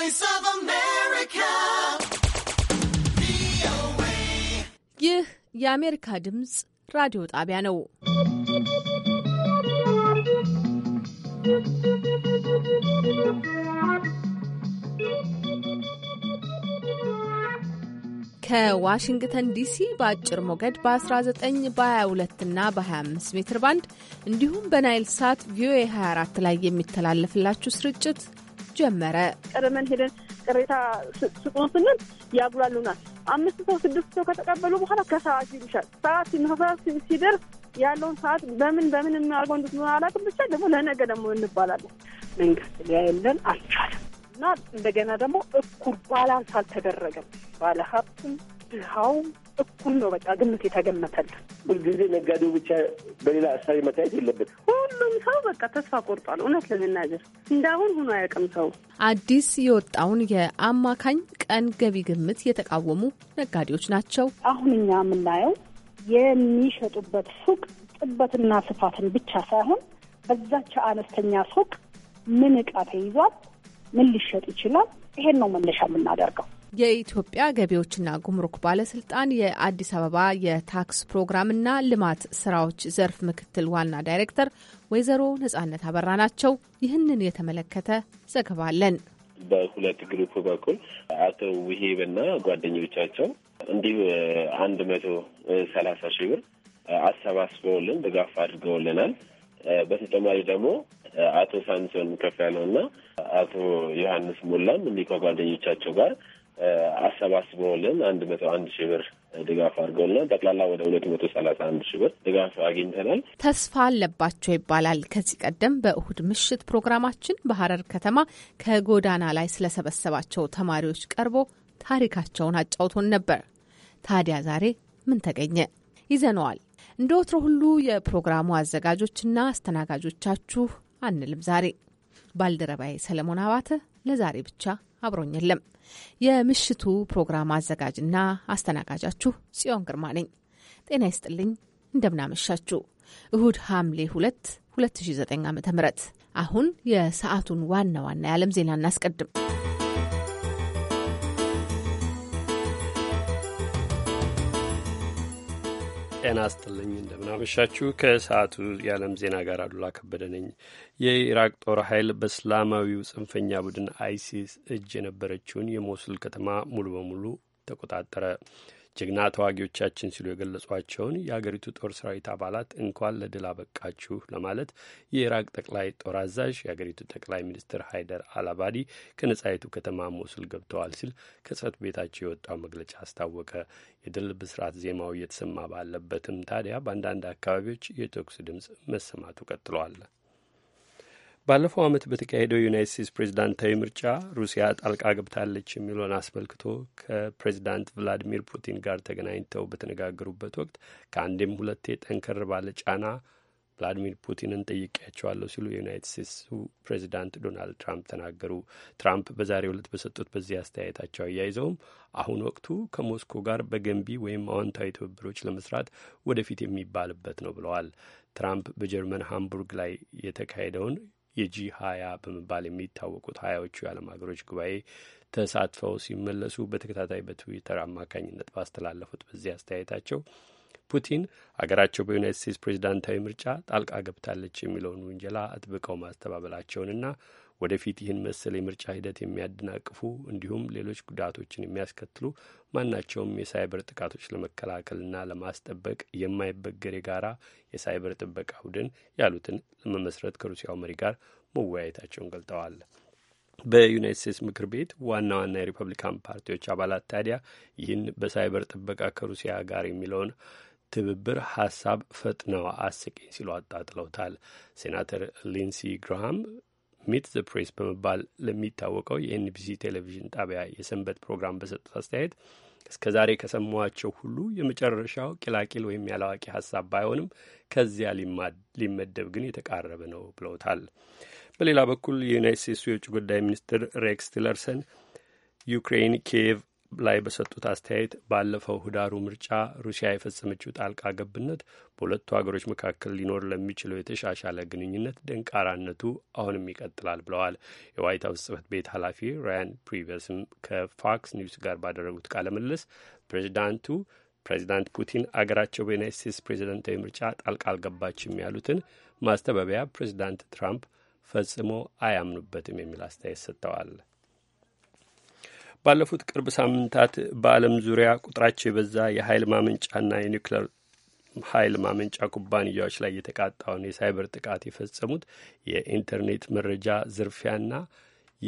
voice of America. ይህ የአሜሪካ ድምፅ ራዲዮ ጣቢያ ነው። ከዋሽንግተን ዲሲ በአጭር ሞገድ በ19 በ22 እና በ25 ሜትር ባንድ እንዲሁም በናይል ሳት ቪኦኤ 24 ላይ የሚተላለፍላችሁ ስርጭት ጀመረ። ቀደመን ሄደን ቅሬታ ስጡን ስንል ያጉላሉናል። አምስት ሰው ስድስት ሰው ከተቀበሉ በኋላ ከሰዓት ይሉሻል። ሰዓት ሲደርስ ያለውን ሰዓት በምን በምን የሚያደርገው እንድትሆን አላውቅም። ብቻ ደግሞ ለነገ ደግሞ እንባላለን። መንግስት ሊያየለን አልቻለም እና እንደገና ደግሞ እኩል ባላንስ አልተደረገም። ባለሀብትም ድሃውም እኩል ነው። በቃ ግምት የተገመተል። ሁልጊዜ ነጋዴው ብቻ በሌላ አሳቢ መታየት የለበት። ሁሉም ሰው በቃ ተስፋ ቆርጧል። እውነት ለመናገር እንዳሁን ሆኖ አያውቅም ሰው። አዲስ የወጣውን የአማካኝ ቀን ገቢ ግምት የተቃወሙ ነጋዴዎች ናቸው። አሁን እኛ የምናየው የሚሸጡበት ሱቅ ጥበትና ስፋትን ብቻ ሳይሆን በዛች አነስተኛ ሱቅ ምን እቃ ተይዟል፣ ምን ሊሸጥ ይችላል፣ ይሄን ነው መነሻ የምናደርገው። የኢትዮጵያ ገቢዎችና ጉምሩክ ባለስልጣን የአዲስ አበባ የታክስ ፕሮግራምና ልማት ስራዎች ዘርፍ ምክትል ዋና ዳይሬክተር ወይዘሮ ነጻነት አበራ ናቸው። ይህንን የተመለከተ ዘገባ አለን። በሁለት ግሩፕ በኩል አቶ ውሄብና ጓደኞቻቸው እንዲሁ አንድ መቶ ሰላሳ ሺህ ብር አሰባስበውልን ድጋፍ አድርገውልናል። በተጨማሪ ደግሞ አቶ ሳንሶን ከፍ ያለውና አቶ ዮሐንስ ሞላም እንዲህ ከጓደኞቻቸው ጋር አሰባስበውልን አንድ መቶ አንድ ሺህ ብር ድጋፍ አድርገውልናል። ጠቅላላ ወደ ሁለት መቶ ሰላሳ አንድ ሺህ ብር ድጋፍ አግኝተናል። ተስፋ አለባቸው ይባላል። ከዚህ ቀደም በእሁድ ምሽት ፕሮግራማችን በሀረር ከተማ ከጎዳና ላይ ስለሰበሰባቸው ተማሪዎች ቀርቦ ታሪካቸውን አጫውቶን ነበር። ታዲያ ዛሬ ምን ተገኘ ይዘነዋል። እንደ ወትሮ ሁሉ የፕሮግራሙ አዘጋጆችና አስተናጋጆቻችሁ አንልም። ዛሬ ባልደረባዬ ሰለሞን አባተ ለዛሬ ብቻ አብሮኝ የለም። የምሽቱ ፕሮግራም አዘጋጅና አስተናጋጃችሁ ጽዮን ግርማ ነኝ። ጤና ይስጥልኝ። እንደምናመሻችሁ እሁድ ሐምሌ 2 2009 ዓ ም አሁን የሰዓቱን ዋና ዋና የዓለም ዜና እናስቀድም። ጤና ይስጥልኝ እንደምናመሻችሁ ከሰዓቱ የዓለም ዜና ጋር አሉላ ከበደ ነኝ። የኢራቅ ጦር ኃይል በእስላማዊው ጽንፈኛ ቡድን አይሲስ እጅ የነበረችውን የሞሱል ከተማ ሙሉ በሙሉ ተቆጣጠረ። ጀግና ተዋጊዎቻችን ሲሉ የገለጿቸውን የአገሪቱ ጦር ሰራዊት አባላት እንኳን ለድል አበቃችሁ ለማለት የኢራቅ ጠቅላይ ጦር አዛዥ የአገሪቱ ጠቅላይ ሚኒስትር ሃይደር አልአባዲ ከነጻይቱ ከተማ ሞሱል ገብተዋል ሲል ከጽህፈት ቤታቸው የወጣው መግለጫ አስታወቀ። የድል ብስራት ዜማው እየተሰማ ባለበትም ታዲያ በአንዳንድ አካባቢዎች የተኩስ ድምፅ መሰማቱ ቀጥሏል። ባለፈው ዓመት በተካሄደው ዩናይት ስቴትስ ፕሬዚዳንታዊ ምርጫ ሩሲያ ጣልቃ ገብታለች የሚለውን አስመልክቶ ከፕሬዚዳንት ቭላዲሚር ፑቲን ጋር ተገናኝተው በተነጋገሩበት ወቅት ከአንዴም ሁለቴ ጠንከር ባለ ጫና ቭላዲሚር ፑቲንን ጠይቄያቸዋለሁ ሲሉ የዩናይት ስቴትሱ ፕሬዚዳንት ዶናልድ ትራምፕ ተናገሩ። ትራምፕ በዛሬው ዕለት በሰጡት በዚህ አስተያየታቸው አያይዘውም አሁን ወቅቱ ከሞስኮ ጋር በገንቢ ወይም አዎንታዊ ትብብሮች ለመስራት ወደፊት የሚባልበት ነው ብለዋል። ትራምፕ በጀርመን ሃምቡርግ ላይ የተካሄደውን የጂ ሀያ በመባል የሚታወቁት ሀያዎቹ የዓለም ሀገሮች ጉባኤ ተሳትፈው ሲመለሱ በተከታታይ በትዊተር አማካኝነት ባስተላለፉት በዚህ አስተያየታቸው ፑቲን አገራቸው በዩናይት ስቴትስ ፕሬዚዳንታዊ ምርጫ ጣልቃ ገብታለች የሚለውን ውንጀላ አጥብቀው ማስተባበላቸውንና ወደፊት ይህን መሰል የምርጫ ሂደት የሚያደናቅፉ እንዲሁም ሌሎች ጉዳቶችን የሚያስከትሉ ማናቸውም የሳይበር ጥቃቶች ለመከላከልና ለማስጠበቅ የማይበገር የጋራ የሳይበር ጥበቃ ቡድን ያሉትን ለመመስረት ከሩሲያው መሪ ጋር መወያየታቸውን ገልጠዋል። በዩናይት ስቴትስ ምክር ቤት ዋና ዋና የሪፐብሊካን ፓርቲዎች አባላት ታዲያ ይህን በሳይበር ጥበቃ ከሩሲያ ጋር የሚለውን ትብብር ሀሳብ ፈጥነው አስቂኝ ሲሉ አጣጥለውታል። ሴናተር ሊንሲ ግራሃም ሚት ዘ ፕሬስ በመባል ለሚታወቀው የኤንቢሲ ቴሌቪዥን ጣቢያ የሰንበት ፕሮግራም በሰጡት አስተያየት እስከ ዛሬ ከሰማኋቸው ሁሉ የመጨረሻው ቂላቂል ወይም ያላዋቂ ሀሳብ ባይሆንም ከዚያ ሊመደብ ግን የተቃረበ ነው ብለውታል። በሌላ በኩል የዩናይት ስቴትሱ የውጭ ጉዳይ ሚኒስትር ሬክስ ቲለርሰን ዩክሬን ኪየቭ ላይ በሰጡት አስተያየት ባለፈው ህዳሩ ምርጫ ሩሲያ የፈጸመችው ጣልቃ ገብነት በሁለቱ ሀገሮች መካከል ሊኖር ለሚችለው የተሻሻለ ግንኙነት ደንቃራነቱ አሁንም ይቀጥላል ብለዋል። የዋይት ሀውስ ጽህፈት ቤት ኃላፊ ራያን ፕሪቨስም ከፋክስ ኒውስ ጋር ባደረጉት ቃለ ምልልስ ፕሬዚዳንቱ ፕሬዚዳንት ፑቲን አገራቸው በዩናይት ስቴትስ ፕሬዚደንታዊ ምርጫ ጣልቃ አልገባችም ያሉትን ማስተባበያ ፕሬዚዳንት ትራምፕ ፈጽሞ አያምኑበትም የሚል አስተያየት ሰጥተዋል። ባለፉት ቅርብ ሳምንታት በዓለም ዙሪያ ቁጥራቸው የበዛ የኃይል ማመንጫና የኒውክሌር ኃይል ማመንጫ ኩባንያዎች ላይ የተቃጣውን የሳይበር ጥቃት የፈጸሙት የኢንተርኔት መረጃ ዝርፊያና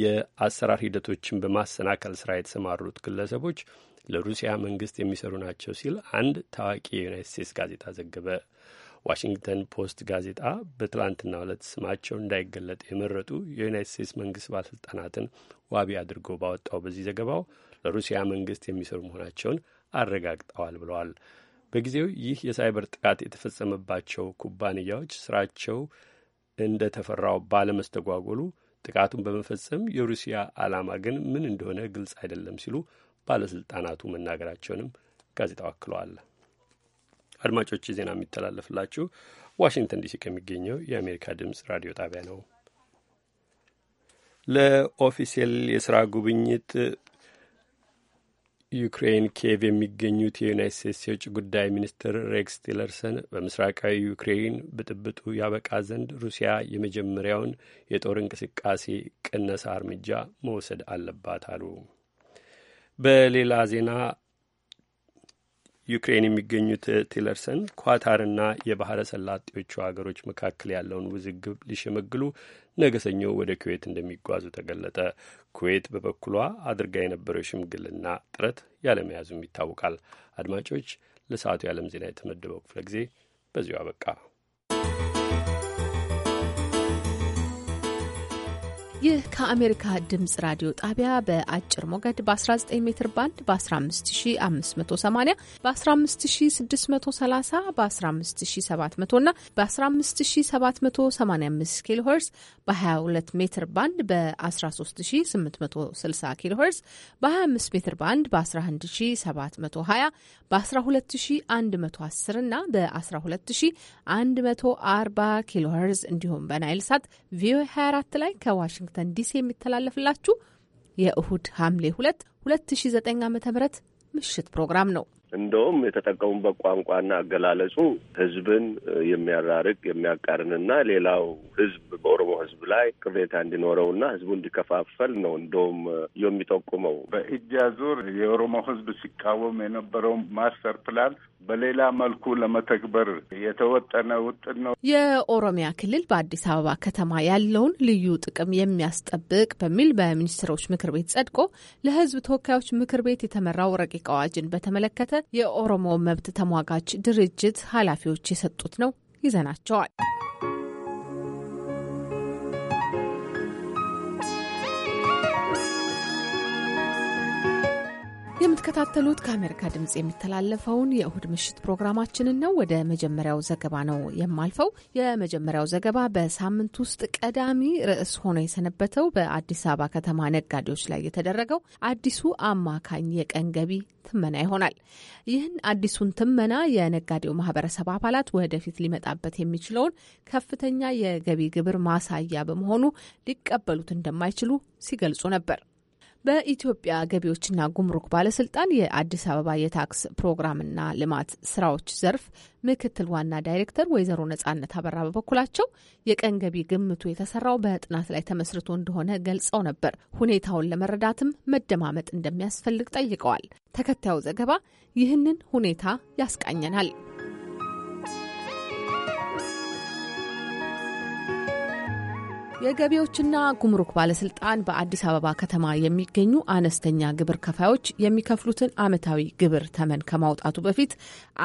የአሰራር ሂደቶችን በማሰናከል ስራ የተሰማሩት ግለሰቦች ለሩሲያ መንግስት የሚሰሩ ናቸው ሲል አንድ ታዋቂ የዩናይት ስቴትስ ጋዜጣ ዘገበ። ዋሽንግተን ፖስት ጋዜጣ በትላንትና ዕለት ስማቸው እንዳይገለጥ የመረጡ የዩናይት ስቴትስ መንግስት ባለስልጣናትን ዋቢ አድርጎ ባወጣው በዚህ ዘገባው ለሩሲያ መንግስት የሚሰሩ መሆናቸውን አረጋግጠዋል ብለዋል። በጊዜው ይህ የሳይበር ጥቃት የተፈጸመባቸው ኩባንያዎች ስራቸው እንደተፈራው ባለመስተጓጎሉ ጥቃቱን በመፈጸም የሩሲያ ዓላማ ግን ምን እንደሆነ ግልጽ አይደለም ሲሉ ባለስልጣናቱ መናገራቸውንም ጋዜጣው አክለዋል። አድማጮች ዜና የሚተላለፍላችሁ ዋሽንግተን ዲሲ ከሚገኘው የአሜሪካ ድምጽ ራዲዮ ጣቢያ ነው። ለኦፊሴል የስራ ጉብኝት ዩክሬን ኪየቭ የሚገኙት የዩናይት ስቴትስ የውጭ ጉዳይ ሚኒስትር ሬክስ ቲለርሰን በምስራቃዊ ዩክሬን ብጥብጡ ያበቃ ዘንድ ሩሲያ የመጀመሪያውን የጦር እንቅስቃሴ ቅነሳ እርምጃ መውሰድ አለባት አሉ። በሌላ ዜና ዩክሬን የሚገኙት ቲለርሰን ኳታርና የባህረ ሰላጤዎቹ ሀገሮች መካከል ያለውን ውዝግብ ሊሸመግሉ ነገ ሰኞ ወደ ኩዌት እንደሚጓዙ ተገለጠ። ኩዌት በበኩሏ አድርጋ የነበረው ሽምግልና ጥረት ያለመያዙም ይታወቃል። አድማጮች፣ ለሰዓቱ የዓለም ዜና የተመደበው ክፍለ ጊዜ በዚሁ አበቃ። ይህ ከአሜሪካ ድምፅ ራዲዮ ጣቢያ በአጭር ሞገድ በ19 ሜትር ባንድ በ15580 በ15630 በ15700 እና በ15785 ኪሎ ሄርዝ በ22 ሜትር ባንድ በ13860 ኪሎ ሄርዝ በ25 ሜትር ባንድ በ11720 በ12110 እና በ12140 ኪሎ ሄርዝ እንዲሁም በናይል ሳት ቪኦኤ 24 ላይ ከዋሽንግተን ከዋሽንግተን ዲሲ የሚተላለፍላችሁ የእሁድ ሐምሌ 2 2009 ም ምሽት ፕሮግራም ነው። እንደውም የተጠቀሙበት ቋንቋና አገላለጹ ህዝብን የሚያራርቅ የሚያቃርንና ሌላው ህዝብ በኦሮሞ ህዝብ ላይ ቅሬታ እንዲኖረውና ህዝቡ እንዲከፋፈል ነው እንደውም የሚጠቁመው። በኢጃ ዙር የኦሮሞ ህዝብ ሲቃወም የነበረው ማስተር ፕላን በሌላ መልኩ ለመተግበር የተወጠነ ውጥን ነው። የኦሮሚያ ክልል በአዲስ አበባ ከተማ ያለውን ልዩ ጥቅም የሚያስጠብቅ በሚል በሚኒስትሮች ምክር ቤት ጸድቆ ለህዝብ ተወካዮች ምክር ቤት የተመራው ረቂቅ አዋጅን በተመለከተ የኦሮሞ መብት ተሟጋች ድርጅት ኃላፊዎች የሰጡት ነው። ይዘናቸዋል። የምትከታተሉት ከአሜሪካ ድምፅ የሚተላለፈውን የእሁድ ምሽት ፕሮግራማችንን ነው። ወደ መጀመሪያው ዘገባ ነው የማልፈው። የመጀመሪያው ዘገባ በሳምንት ውስጥ ቀዳሚ ርዕስ ሆኖ የሰነበተው በአዲስ አበባ ከተማ ነጋዴዎች ላይ የተደረገው አዲሱ አማካኝ የቀን ገቢ ትመና ይሆናል። ይህን አዲሱን ትመና የነጋዴው ማህበረሰብ አባላት ወደፊት ሊመጣበት የሚችለውን ከፍተኛ የገቢ ግብር ማሳያ በመሆኑ ሊቀበሉት እንደማይችሉ ሲገልጹ ነበር። በኢትዮጵያ ገቢዎችና ጉምሩክ ባለስልጣን የአዲስ አበባ የታክስ ፕሮግራምና ልማት ስራዎች ዘርፍ ምክትል ዋና ዳይሬክተር ወይዘሮ ነጻነት አበራ በበኩላቸው የቀን ገቢ ግምቱ የተሰራው በጥናት ላይ ተመስርቶ እንደሆነ ገልጸው ነበር። ሁኔታውን ለመረዳትም መደማመጥ እንደሚያስፈልግ ጠይቀዋል። ተከታዩ ዘገባ ይህንን ሁኔታ ያስቃኘናል። የገቢዎችና ጉምሩክ ባለስልጣን በአዲስ አበባ ከተማ የሚገኙ አነስተኛ ግብር ከፋዮች የሚከፍሉትን ዓመታዊ ግብር ተመን ከማውጣቱ በፊት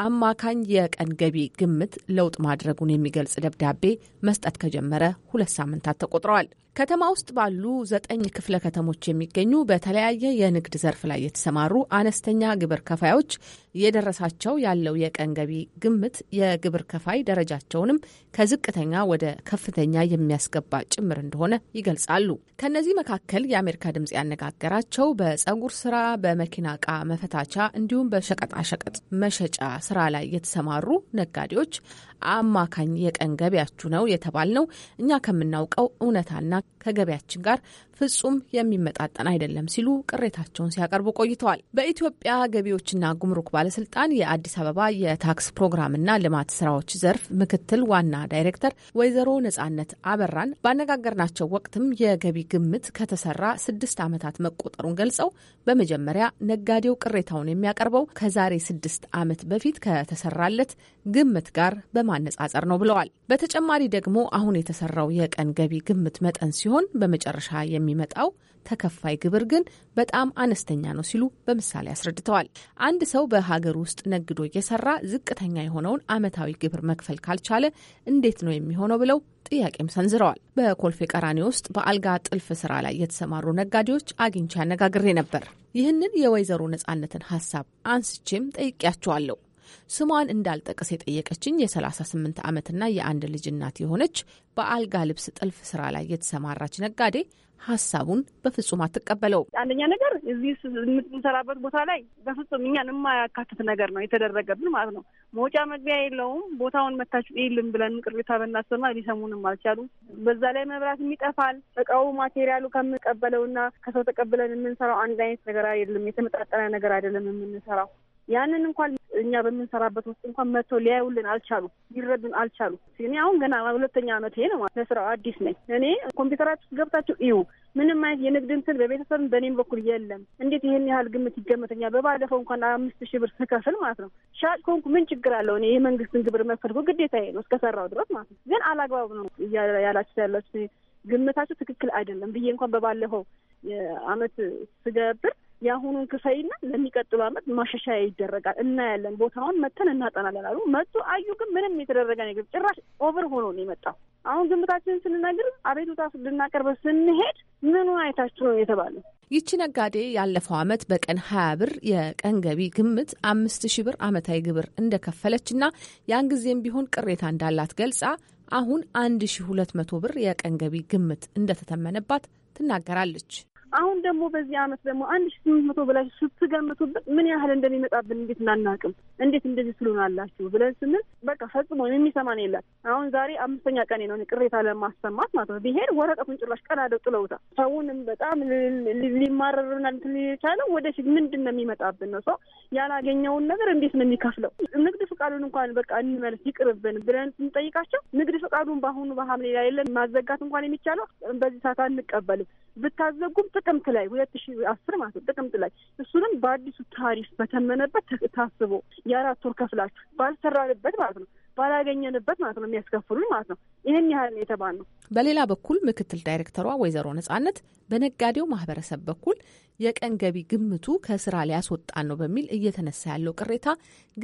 አማካኝ የቀን ገቢ ግምት ለውጥ ማድረጉን የሚገልጽ ደብዳቤ መስጠት ከጀመረ ሁለት ሳምንታት ተቆጥረዋል። ከተማ ውስጥ ባሉ ዘጠኝ ክፍለ ከተሞች የሚገኙ በተለያየ የንግድ ዘርፍ ላይ የተሰማሩ አነስተኛ ግብር ከፋዮች እየደረሳቸው ያለው የቀን ገቢ ግምት የግብር ከፋይ ደረጃቸውንም ከዝቅተኛ ወደ ከፍተኛ የሚያስገባ ጭ ጭምር እንደሆነ ይገልጻሉ። ከእነዚህ መካከል የአሜሪካ ድምጽ ያነጋገራቸው በጸጉር ስራ፣ በመኪና እቃ መፈታቻ እንዲሁም በሸቀጣሸቀጥ መሸጫ ስራ ላይ የተሰማሩ ነጋዴዎች አማካኝ የቀን ገቢያችሁ ነው ነው። እኛ ከምናውቀው እውነታና ከገቢያችን ጋር ፍጹም የሚመጣጠን አይደለም ሲሉ ቅሬታቸውን ሲያቀርቡ ቆይተዋል። በኢትዮጵያ ገቢዎችና ጉምሩክ ባለስልጣን የአዲስ አበባ የታክስ ፕሮግራምና ልማት ስራዎች ዘርፍ ምክትል ዋና ዳይሬክተር ወይዘሮ ነጻነት አበራን ባነጋገርናቸው ወቅትም የገቢ ግምት ከተሰራ ስድስት ዓመታት መቆጠሩን ገልጸው በመጀመሪያ ነጋዴው ቅሬታውን የሚያቀርበው ከዛሬ ስድስት ዓመት በፊት ከተሰራለት ግምት ጋር በማነጻጸር ነው ብለዋል። በተጨማሪ ደግሞ አሁን የተሰራው የቀን ገቢ ግምት መጠን ሲሆን በመጨረሻ የሚመጣው ተከፋይ ግብር ግን በጣም አነስተኛ ነው ሲሉ በምሳሌ አስረድተዋል። አንድ ሰው በሀገር ውስጥ ነግዶ እየሰራ ዝቅተኛ የሆነውን ዓመታዊ ግብር መክፈል ካልቻለ እንዴት ነው የሚሆነው ብለው ጥያቄም ሰንዝረዋል። በኮልፌ ቀራኒ ውስጥ በአልጋ ጥልፍ ስራ ላይ የተሰማሩ ነጋዴዎች አግኝቼ አነጋግሬ ነበር። ይህንን የወይዘሮ ነጻነትን ሀሳብ አንስቼም ጠይቄያቸዋለሁ። ስሟን እንዳልጠቀስ የጠየቀችኝ የ38 ዓመትና የአንድ ልጅ እናት የሆነች በአልጋ ልብስ ጥልፍ ስራ ላይ የተሰማራች ነጋዴ ሀሳቡን በፍጹም አትቀበለው። አንደኛ ነገር እዚህ የምንሰራበት ቦታ ላይ በፍጹም እኛን የማያካትት ነገር ነው የተደረገብን ማለት ነው። መውጫ መግቢያ የለውም። ቦታውን መታችሁ የለም ብለን ቅሬታ ብናሰማ ሊሰሙንም አልቻሉ። በዛ ላይ መብራት የሚጠፋል። እቃው ማቴሪያሉ ከምንቀበለውና ከሰው ተቀብለን የምንሰራው አንድ አይነት ነገር አይደለም። የተመጣጠነ ነገር አይደለም የምንሰራው ያንን እንኳን እኛ በምንሰራበት ውስጥ እንኳን መጥቶ ሊያዩልን አልቻሉ፣ ሊረዱን አልቻሉ። እኔ አሁን ገና ሁለተኛ ዓመት ይሄ ነው ለስራው አዲስ ነኝ። እኔ ኮምፒውተራችሁ ውስጥ ገብታችሁ እዩ። ምንም አይነት የንግድ እንትን በቤተሰብ በእኔም በኩል የለም። እንዴት ይህን ያህል ግምት ይገመተኛል? በባለፈው እንኳን አምስት ሺህ ብር ስከፍል ማለት ነው ሻጭ ኮንኩ ምን ችግር አለው? እኔ የመንግስትን ግብር መክፈል እኮ ግዴታዬ ነው እስከሰራው ድረስ ማለት ነው። ግን አላግባብ ነው ያላችሁ ያላችሁ ግምታችሁ ትክክል አይደለም ብዬ እንኳን በባለፈው አመት ስገብር የአሁኑን ክፈይና ለሚቀጥሉ አመት ማሻሻያ ይደረጋል እናያለን፣ ቦታውን መተን እናጠናለን አሉ። መጡ አዩ። ግን ምንም የተደረገ ነገር ጭራሽ ኦቨር ሆኖ ነው የመጣው። አሁን ግምታችንን ስንነግር አቤቱታ ልናቀርበ ስንሄድ ምኑ አይታችሁ ነው የተባለ። ይቺ ነጋዴ ያለፈው አመት በቀን ሀያ ብር የቀን ገቢ ግምት አምስት ሺ ብር አመታዊ ግብር እንደከፈለችና ያን ጊዜም ቢሆን ቅሬታ እንዳላት ገልጻ አሁን አንድ ሺ ሁለት መቶ ብር የቀን ገቢ ግምት እንደተተመነባት ትናገራለች። አሁን ደግሞ በዚህ አመት ደግሞ አንድ ሺ ስምንት መቶ በላይ ስትገምቱበት ምን ያህል እንደሚመጣብን እንዴት እናናቅም? እንዴት እንደዚህ አላችሁ ብለን ስንል በቃ ፈጽሞ የሚሰማን የለም። አሁን ዛሬ አምስተኛ ቀን ነው ቅሬታ ለማሰማት ማለት ነው። ቢሄድ ወረቀቱን ጭራሽ ቀን አደው ጥለውታል። ሰውንም በጣም ሊማረርና ወደ ወደፊት ምንድን ነው የሚመጣብን ነው። ሰው ያላገኘውን ነገር እንዴት ነው የሚከፍለው? ንግድ ፍቃዱን እንኳን በቃ እንመልስ ይቅርብን ብለን ስንጠይቃቸው ንግድ ፍቃዱን በአሁኑ በሐምሌ ላይ የለን ማዘጋት እንኳን የሚቻለው በዚህ ሰዓት አንቀበልም ብታዘጉም ጥቅምት ላይ ሁለት ሺ አስር ማለት ነው ጥቅምት ላይ እሱንም በአዲሱ ታሪፍ በተመነበት ታስቦ የአራት ወር ከፍላችሁ ባልሰራንበት ማለት ነው ባላገኘንበት ማለት ነው የሚያስከፍሉን ማለት ነው። ይህን ያህል ነው ነው። በሌላ በኩል ምክትል ዳይሬክተሯ ወይዘሮ ነጻነት በነጋዴው ማህበረሰብ በኩል የቀን ገቢ ግምቱ ከስራ ሊያስወጣን ነው በሚል እየተነሳ ያለው ቅሬታ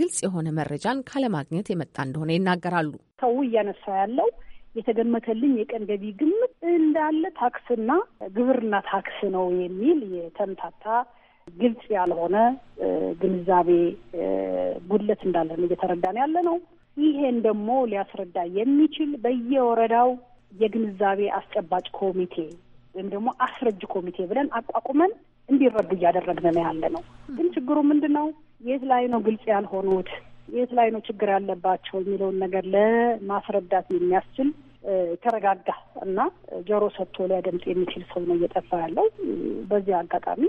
ግልጽ የሆነ መረጃን ካለማግኘት የመጣ እንደሆነ ይናገራሉ። ሰው እያነሳ ያለው የተገመተልኝ የቀን ገቢ ግምት እንዳለ ታክስና ግብርና ታክስ ነው የሚል የተምታታ ግልጽ ያልሆነ ግንዛቤ ጉድለት እንዳለ ነው እየተረዳን ያለ ነው። ይሄን ደግሞ ሊያስረዳ የሚችል በየወረዳው የግንዛቤ አስጨባጭ ኮሚቴ ወይም ደግሞ አስረጅ ኮሚቴ ብለን አቋቁመን እንዲረዱ እያደረግን ነው ያለ ነው። ግን ችግሩ ምንድን ነው? የት ላይ ነው ግልጽ ያልሆኑት? የት ላይ ነው ችግር ያለባቸው የሚለውን ነገር ለማስረዳት የሚያስችል የተረጋጋ እና ጆሮ ሰጥቶ ሊያደምጥ የሚችል ሰው ነው እየጠፋ ያለው። በዚህ አጋጣሚ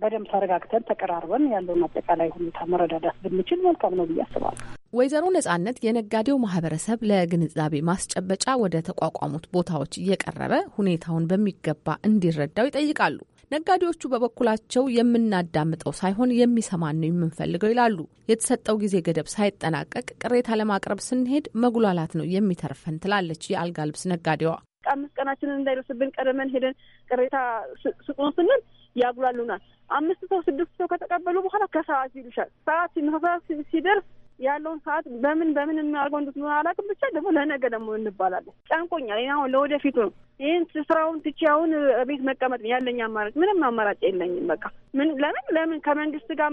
በደንብ ተረጋግተን ተቀራርበን ያለውን አጠቃላይ ሁኔታ መረዳዳት ብንችል መልካም ነው ብዬ አስባለሁ። ወይዘሮ ነጻነት የነጋዴው ማህበረሰብ ለግንዛቤ ማስጨበጫ ወደ ተቋቋሙት ቦታዎች እየቀረበ ሁኔታውን በሚገባ እንዲረዳው ይጠይቃሉ። ነጋዴዎቹ በበኩላቸው የምናዳምጠው ሳይሆን የሚሰማን ነው የምንፈልገው ይላሉ። የተሰጠው ጊዜ ገደብ ሳይጠናቀቅ ቅሬታ ለማቅረብ ስንሄድ መጉላላት ነው የሚተርፈን ትላለች የአልጋ ልብስ ነጋዴዋ። አምስት ቀናችንን እንዳይደርስብን ቀደመን ሄደን ቅሬታ ስጡን ስንል ያጉላሉናል። አምስት ሰው ስድስት ሰው ከተቀበሉ በኋላ ከሰዓት ይሉሻል። ሰዓት ሲደርስ ያለውን ሰዓት በምን በምን የሚያደርገው እንድትሆ አላውቅም። ብቻ ደግሞ ለነገ ደግሞ እንባላለን። ጨንቆኛል። አሁን ለወደፊቱ ነው። ይህን ስራውን ትቼ አሁን ቤት መቀመጥ ያለኝ አማራጭ ምንም አማራጭ የለኝም። በቃ ምን ለምን ለምን ከመንግስት ጋር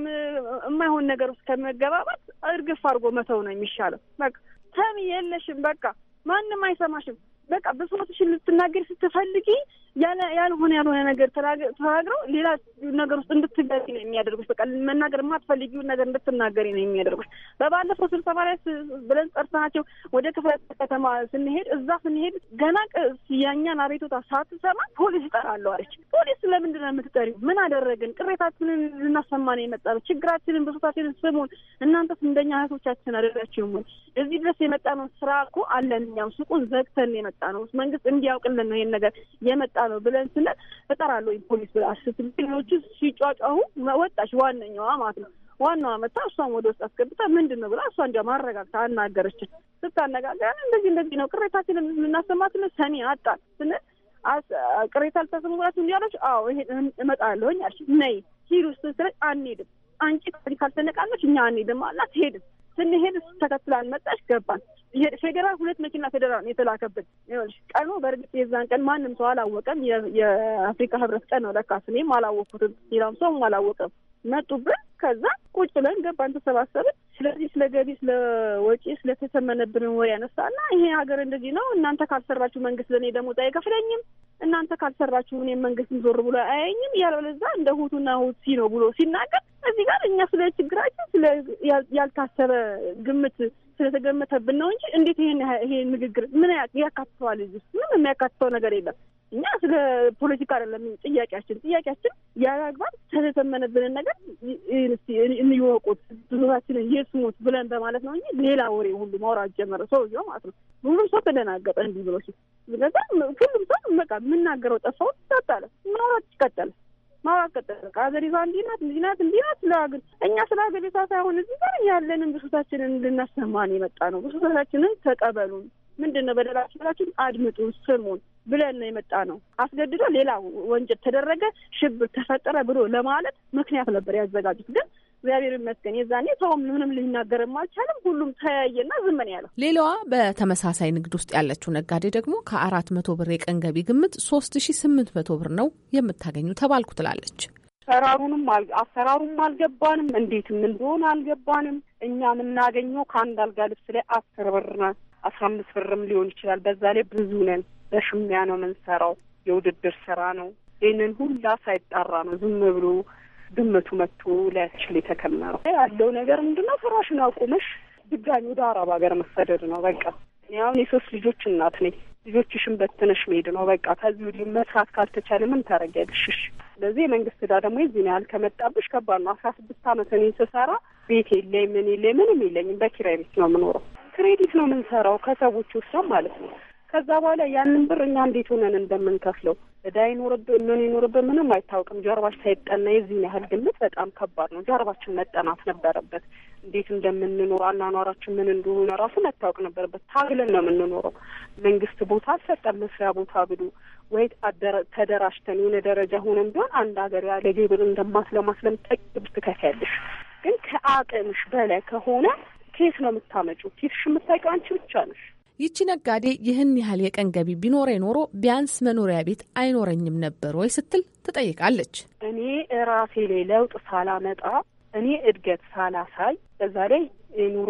የማይሆን ነገር ውስጥ ከመገባባት እርግፍ አድርጎ መተው ነው የሚሻለው። በቃ ሰሚ የለሽም። በቃ ማንም አይሰማሽም። በቃ ብሶትሽን ልትናገሪ ስትፈልጊ ያልሆነ ያልሆነ ነገር ተናግረው ሌላ ነገር ውስጥ እንድትገቢ ነው የሚያደርጉት። በቃ መናገር የማትፈልጊውን ነገር እንድትናገሪ ነው የሚያደርጉት። በባለፈው ስብሰባ ላይ ብለን ጠርተናቸው ወደ ክፍለ ከተማ ስንሄድ እዛ ስንሄድ ገና ያኛን አቤቱታ ሳትሰማ ፖሊስ ይጠራሉ አለች። ፖሊስ ስለምንድን ነው የምትጠሪው? ምን አደረግን? ቅሬታችንን ልናሰማ ነው የመጣ ነው። ችግራችንን፣ ብሶታችንን ስሙን። እናንተስ እንደኛ እህቶቻችን አደረጋችሁም ወይ? እዚህ ድረስ የመጣ ነው። ስራ እኮ አለን እኛም ሱቁን ዘግተን የመጣ ነው። መንግስት እንዲያውቅልን ነው ይሄን ነገር የመጣ ነው ብለን ስለን እጠራለሁ ፖሊስ ብላ ስትል ሌሎቹ ሲጫጫሁ ወጣች። ዋነኛዋ ማለት ነው ዋናዋ መታ እሷን ወደ ውስጥ አስገብታ ምንድን ነው ብላ እሷ እንጃ ማረጋግታ አናገረችን። ስታነጋገረን እንደዚህ እንደዚህ ነው ቅሬታችንን የምናሰማት ሰኒ አጣን ስንል ቅሬታ ልታሰሙላት እንዲያለች አዎ ይሄ እመጣለሁኝ አለች። ነይ ሂድ ውስጥ ስለች አንሄድም አንቺ ካልተነቃለች እኛ አንሄድም አላት። ሄድም ስንሄድ እሱ ተከትላን መጣች ገባን። ፌዴራል ሁለት መኪና ፌዴራል የተላከብን ይኸውልሽ። ቀኑ በእርግጥ የዛን ቀን ማንም ሰው አላወቀም። የአፍሪካ ህብረት ቀን ነው ለካ። እኔም አላወቅኩትም፣ ሌላም ሰውም አላወቀም። መጡብን። ከዛ ቁጭ ብለን ገባን፣ ተሰባሰብን። ስለዚህ ስለ ገቢ፣ ስለ ወጪ፣ ስለተሰመነብንን ወሬ ያነሳና ይሄ ሀገር እንደዚህ ነው፣ እናንተ ካልሰራችሁ መንግስት ለእኔ ደሞዝ አይከፍለኝም፣ እናንተ ካልሰራችሁ እኔ መንግስትም ዞር ብሎ አያየኝም፣ ያለበለዚያ እንደ ሁቱና ሁቲ ነው ብሎ ሲናገር እዚህ ጋር እኛ ስለ ችግራችን ስለ ያልታሰበ ግምት ስለተገመተብን ነው እንጂ እንዴት ይሄን ይሄን ንግግር ምን ያካትተዋል? እዚህ ውስጥ ምንም የሚያካትተው ነገር የለም። እኛ ስለ ፖለቲካ አይደለም ጥያቄያችን። ጥያቄያችን ያለ አግባብ ስለተመነብንን ነገር እንወቁት ብሶታችንን ይስሙት ብለን በማለት ነው እንጂ ሌላ ወሬ ሁሉ ማውራት ጀመረ ሰውዬው ማለት ነው። ሁሉም ሰው ተደናገጠ እንዲህ ብሎ ሲል፣ ሁሉም ሰው በቃ የምናገረው ጠፋው፣ ታጣለ፣ ማውራት ይቀጠለ። ማወቅ ከተጠበቀ ሀገሪቷ እንዲህ እንዲናት እንዲህ ስለ ሀገር እኛ ስለ ሀገሪቷ ሳይሆን እዚህ ጋር ያለንን ብሶታችንን እንድናሰማን የመጣ ነው። ብሶታችንን ተቀበሉን ምንድን ነው በደላችሁ በላችን አድምጡ፣ ስሙን ብለን ነው የመጣ ነው። አስገድዶ ሌላ ወንጀል ተደረገ፣ ሽብር ተፈጠረ ብሎ ለማለት ምክንያት ነበር ያዘጋጁት። ግን እግዚአብሔር ይመስገን የዛኔ ሰውም ምንም ሊናገርም አልቻለም። ሁሉም ተያየና ዝም ያለው። ሌላዋ በተመሳሳይ ንግድ ውስጥ ያለችው ነጋዴ ደግሞ ከአራት መቶ ብር የቀን ገቢ ግምት ሶስት ሺ ስምንት መቶ ብር ነው የምታገኙ ተባልኩ ትላለች። አሰራሩንም አሰራሩም አልገባንም፣ እንዴትም እንደሆነ አልገባንም። እኛ የምናገኘው ከአንድ አልጋ ልብስ ላይ አስር ብር አስራ አምስት ብርም ሊሆን ይችላል። በዛ ላይ ብዙ ነን። በሽሚያ ነው የምንሰራው። የውድድር ስራ ነው። ይህንን ሁላ ሳይጣራ ነው ዝም ብሎ ግምቱ መጥቶ ላያችል የተከመረው ያለው ነገር ምንድነው? ፍራሽን አቁመሽ ድጋሚ ወደ አረብ ሀገር መሰደድ ነው በቃ። እኔ አሁን የሶስት ልጆች እናት ነኝ። ልጆችሽን በትነሽ መሄድ ነው በቃ። ከዚህ ወዲህ መስራት ካልተቻለ ምን ታደርጊያለሽ? ስለዚህ የመንግስት ዕዳ ደግሞ የዚህን ያህል ከመጣብሽ ከባድ ነው። አስራ ስድስት አመት እኔ ስሰራ ቤት የለኝ ምን የለኝ ምንም የለኝም። በኪራይ ቤት ነው የምኖረው። ክሬዲት ነው የምንሰራው ከሰዎች ውስጥ ማለት ነው። ከዛ በኋላ ያንን ብር እኛ እንዴት ሆነን እንደምንከፍለው እዳ ይኖርብ ምን ይኖርብ ምንም አይታወቅም። ጀርባች ሳይጠና የዚህን ያህል ግምት በጣም ከባድ ነው። ጀርባችን መጠናት ነበረበት። እንዴት እንደምንኖር አኗኗራችን ምን እንደሆነ ራሱ መታወቅ ነበረበት። ታግለን ነው የምንኖረው። መንግስት ቦታ አልሰጠን መስሪያ ቦታ ብሎ ወይ ተደራጅተን የሆነ ደረጃ ሆነን ቢሆን አንድ ሀገር ያለ ግብር እንደማትለማ ስለምታውቂ ትከፍያለሽ። ግን ከአቅምሽ በላይ ከሆነ ኬት ነው የምታመጩ? ኬትሽ የምታውቂው አንቺ ብቻ ነሽ። ይቺ ነጋዴ ይህን ያህል የቀን ገቢ ቢኖረ ኖሮ ቢያንስ መኖሪያ ቤት አይኖረኝም ነበር ወይ ስትል ትጠይቃለች። እኔ ራሴ ላይ ለውጥ ሳላመጣ እኔ እድገት ሳላሳይ በዛ ላይ የኑሮ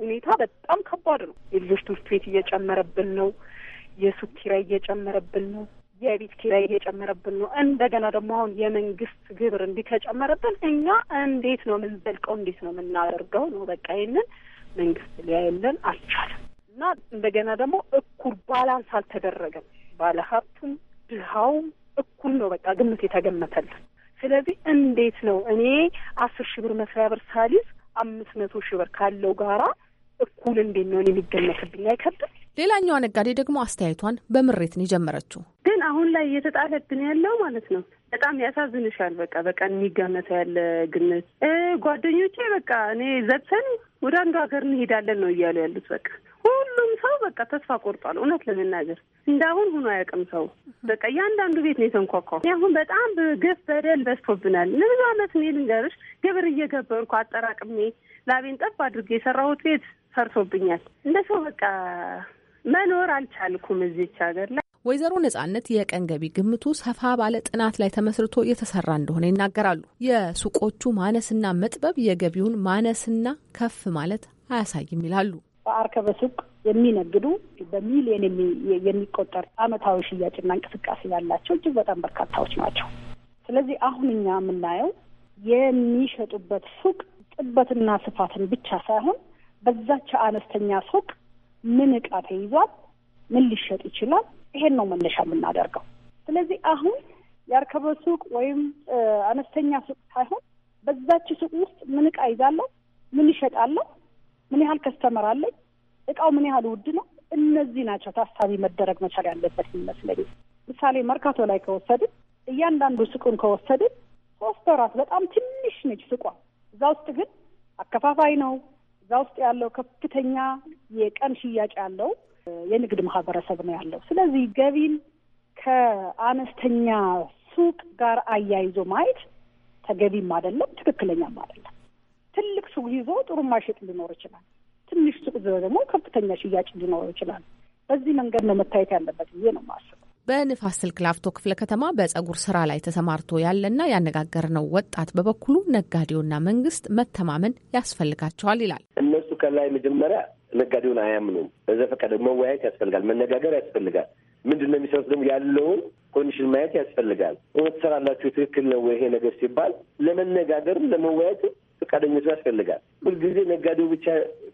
ሁኔታ በጣም ከባድ ነው። የልጆች ትምህርት ቤት እየጨመረብን ነው። የሱቅ ኪራይ እየጨመረብን ነው። የቤት ኪራይ እየጨመረብን ነው። እንደገና ደግሞ አሁን የመንግስት ግብር እንዲህ ከጨመረብን እኛ እንዴት ነው የምንዘልቀው? እንዴት ነው የምናደርገው? ነው በቃ ይህንን መንግስት ሊያየለን አልቻለም። እና እንደገና ደግሞ እኩል ባላንስ አልተደረገም። ባለሀብቱም ድሃውም እኩል ነው በቃ ግምት የተገመተልን። ስለዚህ እንዴት ነው እኔ አስር ሺህ ብር መስሪያ ብር ሳሊዝ አምስት መቶ ሺህ ብር ካለው ጋራ እኩል እንዴት ነው የሚገመትብኝ? አይከብድም። ሌላኛዋ ነጋዴ ደግሞ አስተያየቷን በምሬት ነው የጀመረችው። ግን አሁን ላይ እየተጣለብን ያለው ማለት ነው በጣም ያሳዝንሻል። በቃ በቃ የሚገመተው ያለ ግምት ጓደኞቼ በቃ እኔ ዘብሰን ወደ አንዱ ሀገር እንሄዳለን ነው እያሉ ያሉት። በቃ ሁሉም ሰው በቃ ተስፋ ቆርጧል። እውነት ለመናገር እንዳሁን ሆኖ አያውቅም። ሰው በቃ እያንዳንዱ ቤት ነው የተንኳኳው። አሁን በጣም ግፍ በደል በዝቶብናል። ለብዙ አመት እኔ ልንገርሽ ግብር እየገበርኩ አጠራቅሜ ላቤን ጠብ አድርጌ የሰራሁት ቤት ፈርሶብኛል። እንደ ሰው በቃ መኖር አልቻልኩም እዚች ሀገር ላይ። ወይዘሮ ነጻነት የቀን ገቢ ግምቱ ሰፋ ባለ ጥናት ላይ ተመስርቶ የተሰራ እንደሆነ ይናገራሉ። የሱቆቹ ማነስና መጥበብ የገቢውን ማነስና ከፍ ማለት አያሳይም ይላሉ። በአርከበ ሱቅ የሚነግዱ በሚሊየን የሚቆጠር አመታዊ ሽያጭና እንቅስቃሴ ያላቸው እጅግ በጣም በርካታዎች ናቸው። ስለዚህ አሁን እኛ የምናየው የሚሸጡበት ሱቅ ጥበትና ስፋትን ብቻ ሳይሆን በዛች አነስተኛ ሱቅ ምን እቃ ተይዟል፣ ምን ሊሸጥ ይችላል፣ ይሄን ነው መነሻ የምናደርገው። ስለዚህ አሁን የአርከበ ሱቅ ወይም አነስተኛ ሱቅ ሳይሆን በዛች ሱቅ ውስጥ ምን እቃ ይዛለሁ፣ ምን ይሸጣለሁ፣ ምን ያህል ከስተመር አለኝ፣ እቃው ምን ያህል ውድ ነው። እነዚህ ናቸው ታሳቢ መደረግ መቻል ያለበት ይመስለኝ። ምሳሌ መርካቶ ላይ ከወሰድን እያንዳንዱ ሱቁን ከወሰድን ሶስት ወራት በጣም ትንሽ ነች ስቋ። እዛ ውስጥ ግን አከፋፋይ ነው። እዛ ውስጥ ያለው ከፍተኛ የቀን ሽያጭ ያለው የንግድ ማህበረሰብ ነው ያለው። ስለዚህ ገቢን ከአነስተኛ ሱቅ ጋር አያይዞ ማየት ተገቢም አይደለም፣ ትክክለኛም አይደለም። ትልቅ ሱቅ ይዞ ጥሩ ማሸጥ ሊኖር ይችላል። ትንሽ ሱቅ ይዞ ደግሞ ከፍተኛ ሽያጭ ሊኖረው ይችላል። በዚህ መንገድ ነው መታየት ያለበት ብዬ ነው የማስበው። በንፋስ ስልክ ላፍቶ ክፍለ ከተማ በጸጉር ስራ ላይ ተሰማርቶ ያለና ያነጋገርነው ወጣት በበኩሉ ነጋዴውና መንግስት መተማመን ያስፈልጋቸዋል ይላል። እነሱ ከላይ መጀመሪያ ነጋዴውን አያምኑም። በዘፈቀደ መወያየት ያስፈልጋል፣ መነጋገር ያስፈልጋል። ምንድን ነው የሚሰሩት ደግሞ ያለውን ኮንዲሽን ማየት ያስፈልጋል። እውነት ትሰራላችሁ፣ ትክክል ነው ይሄ ነገር ሲባል ለመነጋገርም ለመወያየት ፈቃደኞች ያስፈልጋል። ሁልጊዜ ነጋዴው ብቻ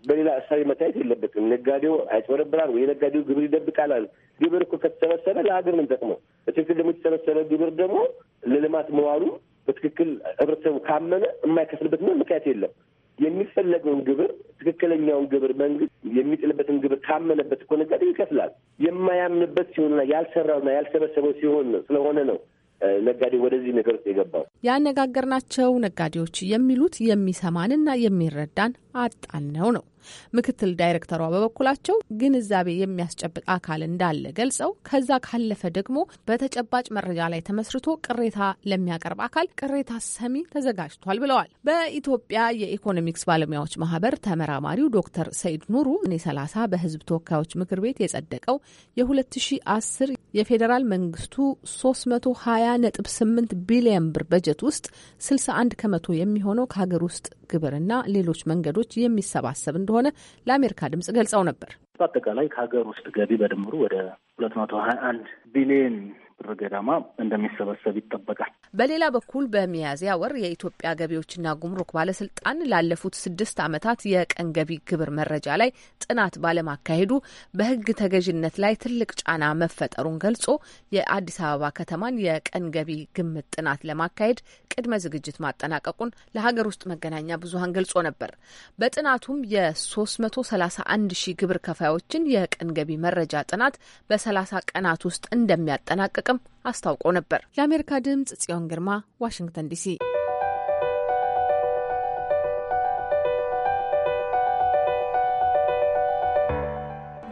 በሌላ እሳቤ መታየት የለበትም። ነጋዴው አይጭበረብራል ወይ ነጋዴው ግብር ይደብቃላል። ግብር እኮ ከተሰበሰበ ለሀገር ምን ጠቅመው? በትክክል ደግሞ የተሰበሰበ ግብር ደግሞ ለልማት መዋሉ በትክክል ህብረተሰቡ ካመነ የማይከፍልበት ምን ምክንያት የለም። የሚፈለገውን ግብር ትክክለኛውን ግብር መንግስት የሚጥልበትን ግብር ካመነበት እኮ ነጋዴው ይከፍላል። የማያምንበት ሲሆንና ያልሰራውና ያልሰበሰበው ሲሆን ስለሆነ ነው ነጋዴ ወደዚህ ነገር ውስጥ የገባው። ያነጋገርናቸው ነጋዴዎች የሚሉት የሚሰማንና የሚረዳን አጣን ነው ነው። ምክትል ዳይሬክተሯ በበኩላቸው ግንዛቤ የሚያስጨብጥ አካል እንዳለ ገልጸው ከዛ ካለፈ ደግሞ በተጨባጭ መረጃ ላይ ተመስርቶ ቅሬታ ለሚያቀርብ አካል ቅሬታ ሰሚ ተዘጋጅቷል ብለዋል። በኢትዮጵያ የኢኮኖሚክስ ባለሙያዎች ማህበር ተመራማሪው ዶክተር ሰይድ ኑሩ እኔ 30 በህዝብ ተወካዮች ምክር ቤት የጸደቀው የ2010 የፌዴራል መንግስቱ 320.8 ቢሊዮን ብር በጀት ውስጥ 61 ከመቶ የሚሆነው ከሀገር ውስጥ ግብርና ሌሎች መንገዶች የሚሰባሰብ እንደሆነ ለአሜሪካ ድምጽ ገልጸው ነበር። በአጠቃላይ ከሀገር ውስጥ ገቢ በድምሩ ወደ ሁለት መቶ ሀያ አንድ ቢሊዮን ብር ገዳማ እንደሚሰበሰብ ይጠበቃል። በሌላ በኩል በሚያዝያ ወር የኢትዮጵያ ገቢዎችና ጉምሩክ ባለስልጣን ላለፉት ስድስት ዓመታት የቀን ገቢ ግብር መረጃ ላይ ጥናት ባለማካሄዱ በሕግ ተገዥነት ላይ ትልቅ ጫና መፈጠሩን ገልጾ የአዲስ አበባ ከተማን የቀን ገቢ ግምት ጥናት ለማካሄድ ቅድመ ዝግጅት ማጠናቀቁን ለሀገር ውስጥ መገናኛ ብዙኃን ገልጾ ነበር። በጥናቱም የ331 ሺህ ግብር ከፋዮችን የቀን ገቢ መረጃ ጥናት በ30 ቀናት ውስጥ እንደሚያጠናቅቅ እንደሚለቅም አስታውቆ ነበር። ለአሜሪካ ድምጽ ጽዮን ግርማ፣ ዋሽንግተን ዲሲ።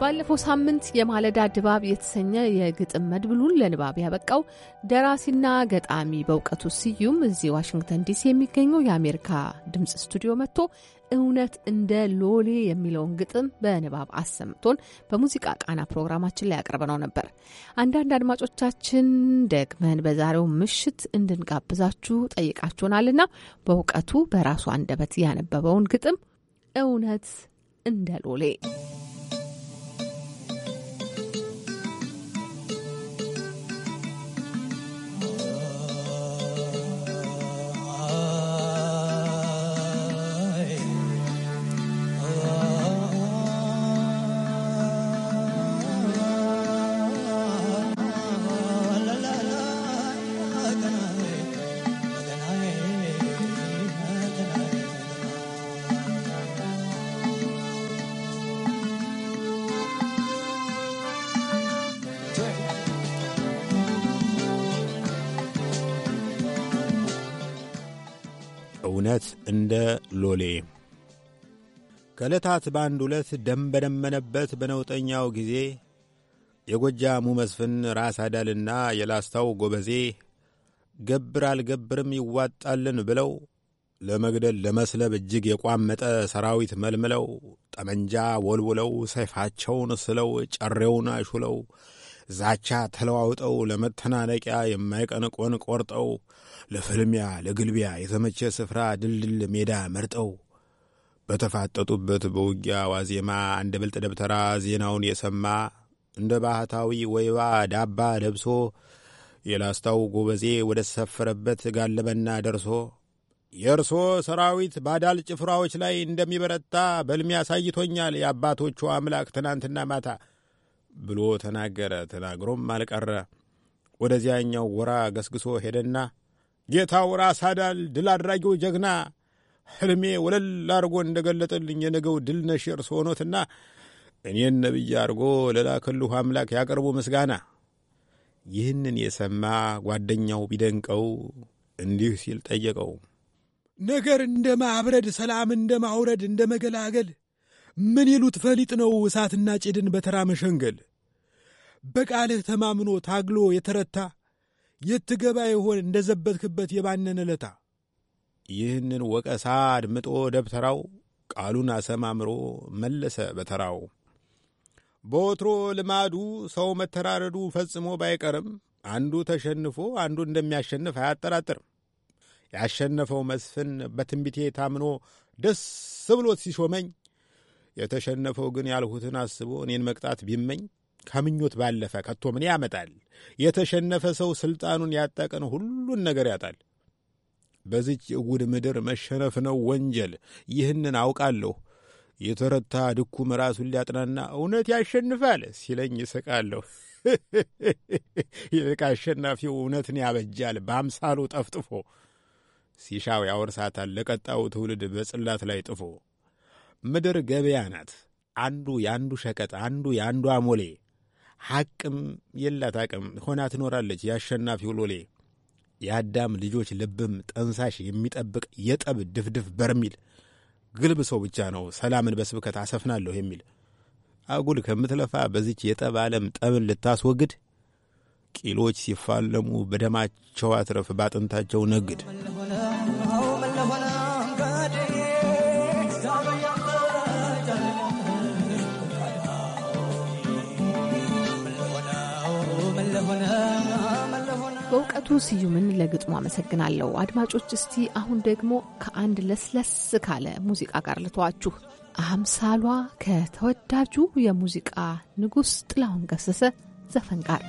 ባለፈው ሳምንት የማለዳ ድባብ የተሰኘ የግጥም መድብሉን ለንባብ ያበቃው ደራሲና ገጣሚ በእውቀቱ ስዩም እዚህ ዋሽንግተን ዲሲ የሚገኘው የአሜሪካ ድምጽ ስቱዲዮ መጥቶ እውነት እንደ ሎሌ የሚለውን ግጥም በንባብ አሰምቶን በሙዚቃ ቃና ፕሮግራማችን ላይ ያቀርበነው ነበር። አንዳንድ አድማጮቻችን ደግመን በዛሬው ምሽት እንድንጋብዛችሁ ጠይቃችሁናልና በእውቀቱ በራሱ አንደበት ያነበበውን ግጥም እውነት እንደ ሎሌ እውነት እንደ ሎሌ ከዕለታት በአንድ ዕለት ደም በደመነበት በነውጠኛው ጊዜ የጎጃሙ መስፍን ራስ አዳልና የላስታው ጎበዜ ገብር አልገብርም ይዋጣልን ብለው ለመግደል ለመስለብ እጅግ የቋመጠ ሰራዊት መልምለው ጠመንጃ ወልውለው ሰይፋቸውን ስለው ጨሬውን አሹለው ዛቻ ተለዋውጠው ለመተናነቂያ የማይቀንቆን ቆርጠው ለፍልሚያ ለግልቢያ የተመቸ ስፍራ ድልድል ሜዳ መርጠው በተፋጠጡበት በውጊያ ዋዜማ እንደ ብልጥ ደብተራ ዜናውን የሰማ እንደ ባህታዊ ወይባ ዳባ ደብሶ የላስታው ጎበዜ ወደ ሰፈረበት ጋለበና ደርሶ የእርሶ ሰራዊት ባዳል ጭፍራዎች ላይ እንደሚበረታ በልሚያ አሳይቶኛል የአባቶቹ አምላክ ትናንትና ማታ ብሎ ተናገረ። ተናግሮም አልቀረ። ወደዚያኛው ወራ ገስግሶ ሄደና ጌታው ራስ አዳል ድል አድራጊው ጀግና ሕልሜ ወለል አድርጎ ገለጠልኝ የነገው ድል ነሽ እርስ ሆኖትና እኔን ነቢይ አድርጎ ለላከልሁ አምላክ ያቀርቡ ምስጋና። ይህንን የሰማ ጓደኛው ቢደንቀው እንዲህ ሲል ጠየቀው። ነገር እንደ ማብረድ፣ ሰላም እንደ ማውረድ፣ እንደ መገላገል ምን ይሉት ፈሊጥ ነው እሳትና ጭድን በተራ መሸንገል። በቃልህ ተማምኖ ታግሎ የተረታ የትገባ ይሆን እንደ ዘበትክበት የባነነ ለታ። ይህንን ወቀሳ አድምጦ ደብተራው ቃሉን አሰማምሮ መለሰ በተራው። በወትሮ ልማዱ ሰው መተራረዱ ፈጽሞ ባይቀርም አንዱ ተሸንፎ አንዱ እንደሚያሸንፍ አያጠራጥርም። ያሸነፈው መስፍን በትንቢቴ ታምኖ ደስ ብሎት ሲሾመኝ የተሸነፈው ግን ያልሁትን አስቦ እኔን መቅጣት ቢመኝ ከምኞት ባለፈ ከቶ ምን ያመጣል? የተሸነፈ ሰው ስልጣኑን ያጠቀን ሁሉን ነገር ያጣል። በዚች እጉድ ምድር መሸነፍ ነው ወንጀል። ይህንን አውቃለሁ። የተረታ ድኩም ራሱን ሊያጥናና እውነት ያሸንፋል ሲለኝ ይስቃለሁ። ይልቅ አሸናፊው እውነትን ያበጃል በአምሳሉ ጠፍጥፎ ሲሻው ያወርሳታል ለቀጣዩ ትውልድ በጽላት ላይ ጥፎ ምድር ገበያ ናት። አንዱ የአንዱ ሸቀጥ፣ አንዱ የአንዱ አሞሌ። ሐቅም የላት አቅም ሆና ትኖራለች። የአሸናፊው ሎሌ የአዳም ልጆች ልብም ጠንሳሽ የሚጠብቅ የጠብ ድፍድፍ በርሚል ግልብ ሰው ብቻ ነው ሰላምን በስብከት አሰፍናለሁ የሚል አጉል ከምትለፋ በዚች የጠብ ዓለም ጠብን ልታስወግድ ቂሎች ሲፋለሙ በደማቸው አትረፍ ባጥንታቸው ነግድ በእውቀቱ ስዩምን ለግጥሙ አመሰግናለሁ። አድማጮች፣ እስቲ አሁን ደግሞ ከአንድ ለስለስ ካለ ሙዚቃ ጋር ልተዋችሁ። አምሳሏ ከተወዳጁ የሙዚቃ ንጉሥ ጥላሁን ገሰሰ ዘፈን ጋር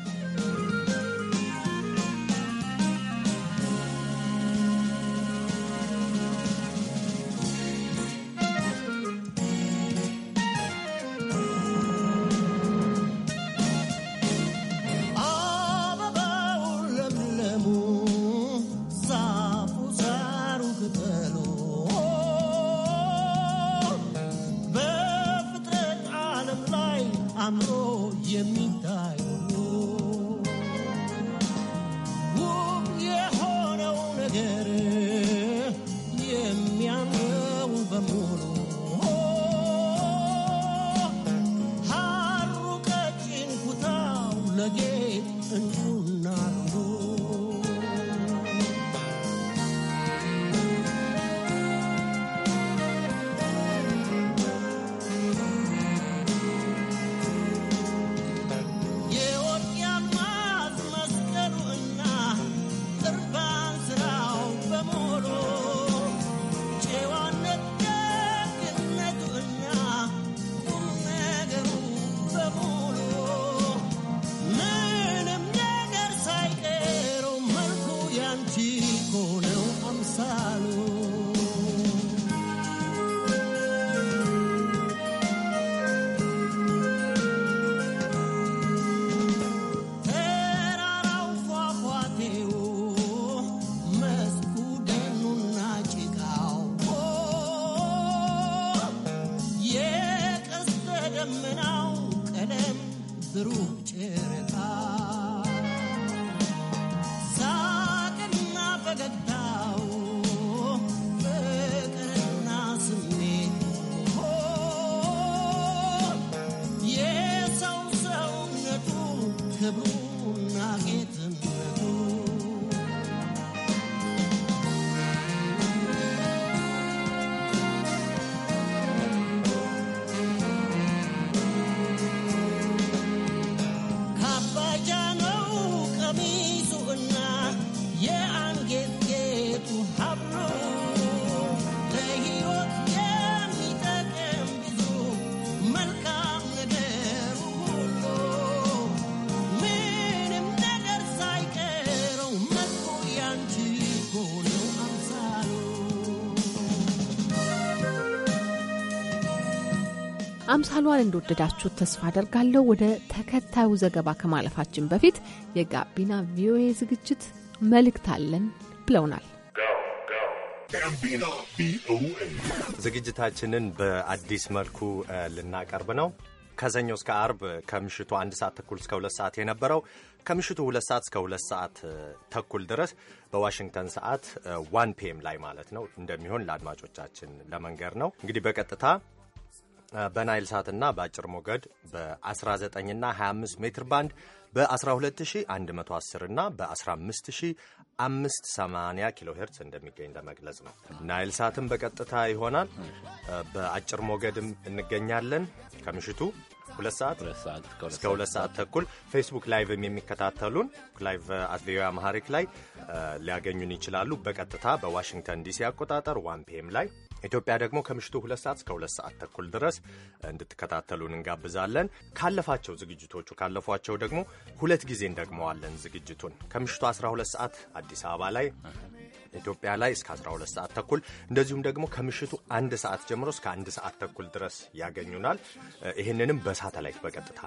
አምሳሏን እንደወደዳችሁ ተስፋ አደርጋለሁ። ወደ ተከታዩ ዘገባ ከማለፋችን በፊት የጋቢና ቪኦኤ ዝግጅት መልእክት አለን ብለውናል። ዝግጅታችንን በአዲስ መልኩ ልናቀርብ ነው። ከሰኞ እስከ አርብ ከምሽቱ አንድ ሰዓት ተኩል እስከ ሁለት ሰዓት የነበረው ከምሽቱ ሁለት ሰዓት እስከ ሁለት ሰዓት ተኩል ድረስ በዋሽንግተን ሰዓት ዋን ፒኤም ላይ ማለት ነው እንደሚሆን ለአድማጮቻችን ለመንገር ነው። እንግዲህ በቀጥታ በናይል ሳትና በአጭር ሞገድ በ 19 እና 25 ሜትር ባንድ በ12110 እና በ15580 ኪሎ ሄርትስ እንደሚገኝ ለመግለጽ ነው። ናይል ሳትም በቀጥታ ይሆናል። በአጭር ሞገድም እንገኛለን ከምሽቱ ሁለት ሰዓት እስከ ሁለት ሰዓት ተኩል ፌስቡክ ላይቭም የሚከታተሉን ላይቭ አትቪያ አማሃሪክ ላይ ሊያገኙን ይችላሉ። በቀጥታ በዋሽንግተን ዲሲ አቆጣጠር ዋን ፒኤም ላይ ኢትዮጵያ ደግሞ ከምሽቱ ሁለት ሰዓት እስከ ሁለት ሰዓት ተኩል ድረስ እንድትከታተሉን እንጋብዛለን። ካለፋቸው ዝግጅቶቹ ካለፏቸው ደግሞ ሁለት ጊዜ እንደግመዋለን ዝግጅቱን ከምሽቱ 12 ሰዓት አዲስ አበባ ላይ ኢትዮጵያ ላይ እስከ 12 ሰዓት ተኩል እንደዚሁም ደግሞ ከምሽቱ አንድ ሰዓት ጀምሮ እስከ አንድ ሰዓት ተኩል ድረስ ያገኙናል። ይህንንም በሳተላይት በቀጥታ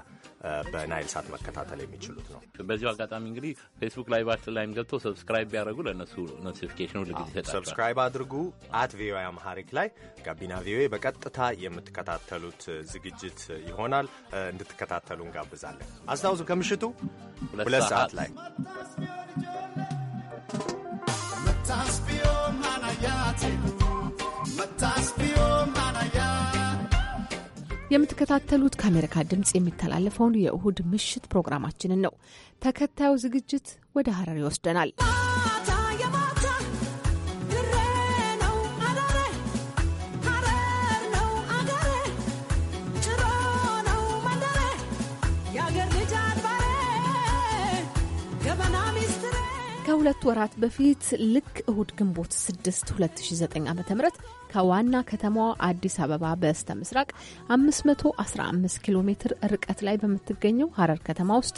በናይል ሳት መከታተል የሚችሉት ነው። በዚሁ አጋጣሚ እንግዲህ ፌስቡክ ላይቫችን ላይም ገብቶ ሰብስክራይብ ቢያደርጉ ለእነሱ ኖቲፊኬሽኑ ሁልጊዜ ይሰጣል። ሰብስክራይብ አድርጉ። አት ቪኦኤ አማሃሪክ ላይ ጋቢና ቪኦኤ በቀጥታ የምትከታተሉት ዝግጅት ይሆናል። እንድትከታተሉ እንጋብዛለን። አስታውሱ ከምሽቱ ሁለት ሰዓት ላይ የምትከታተሉት ከአሜሪካ ድምፅ የሚተላለፈውን የእሁድ ምሽት ፕሮግራማችንን ነው። ተከታዩ ዝግጅት ወደ ሀረር ይወስደናል። ከሁለት ወራት በፊት ልክ እሁድ ግንቦት 6 2009 ዓ ም ከዋና ከተማዋ አዲስ አበባ በስተ ምስራቅ 515 ኪሎ ሜትር ርቀት ላይ በምትገኘው ሀረር ከተማ ውስጥ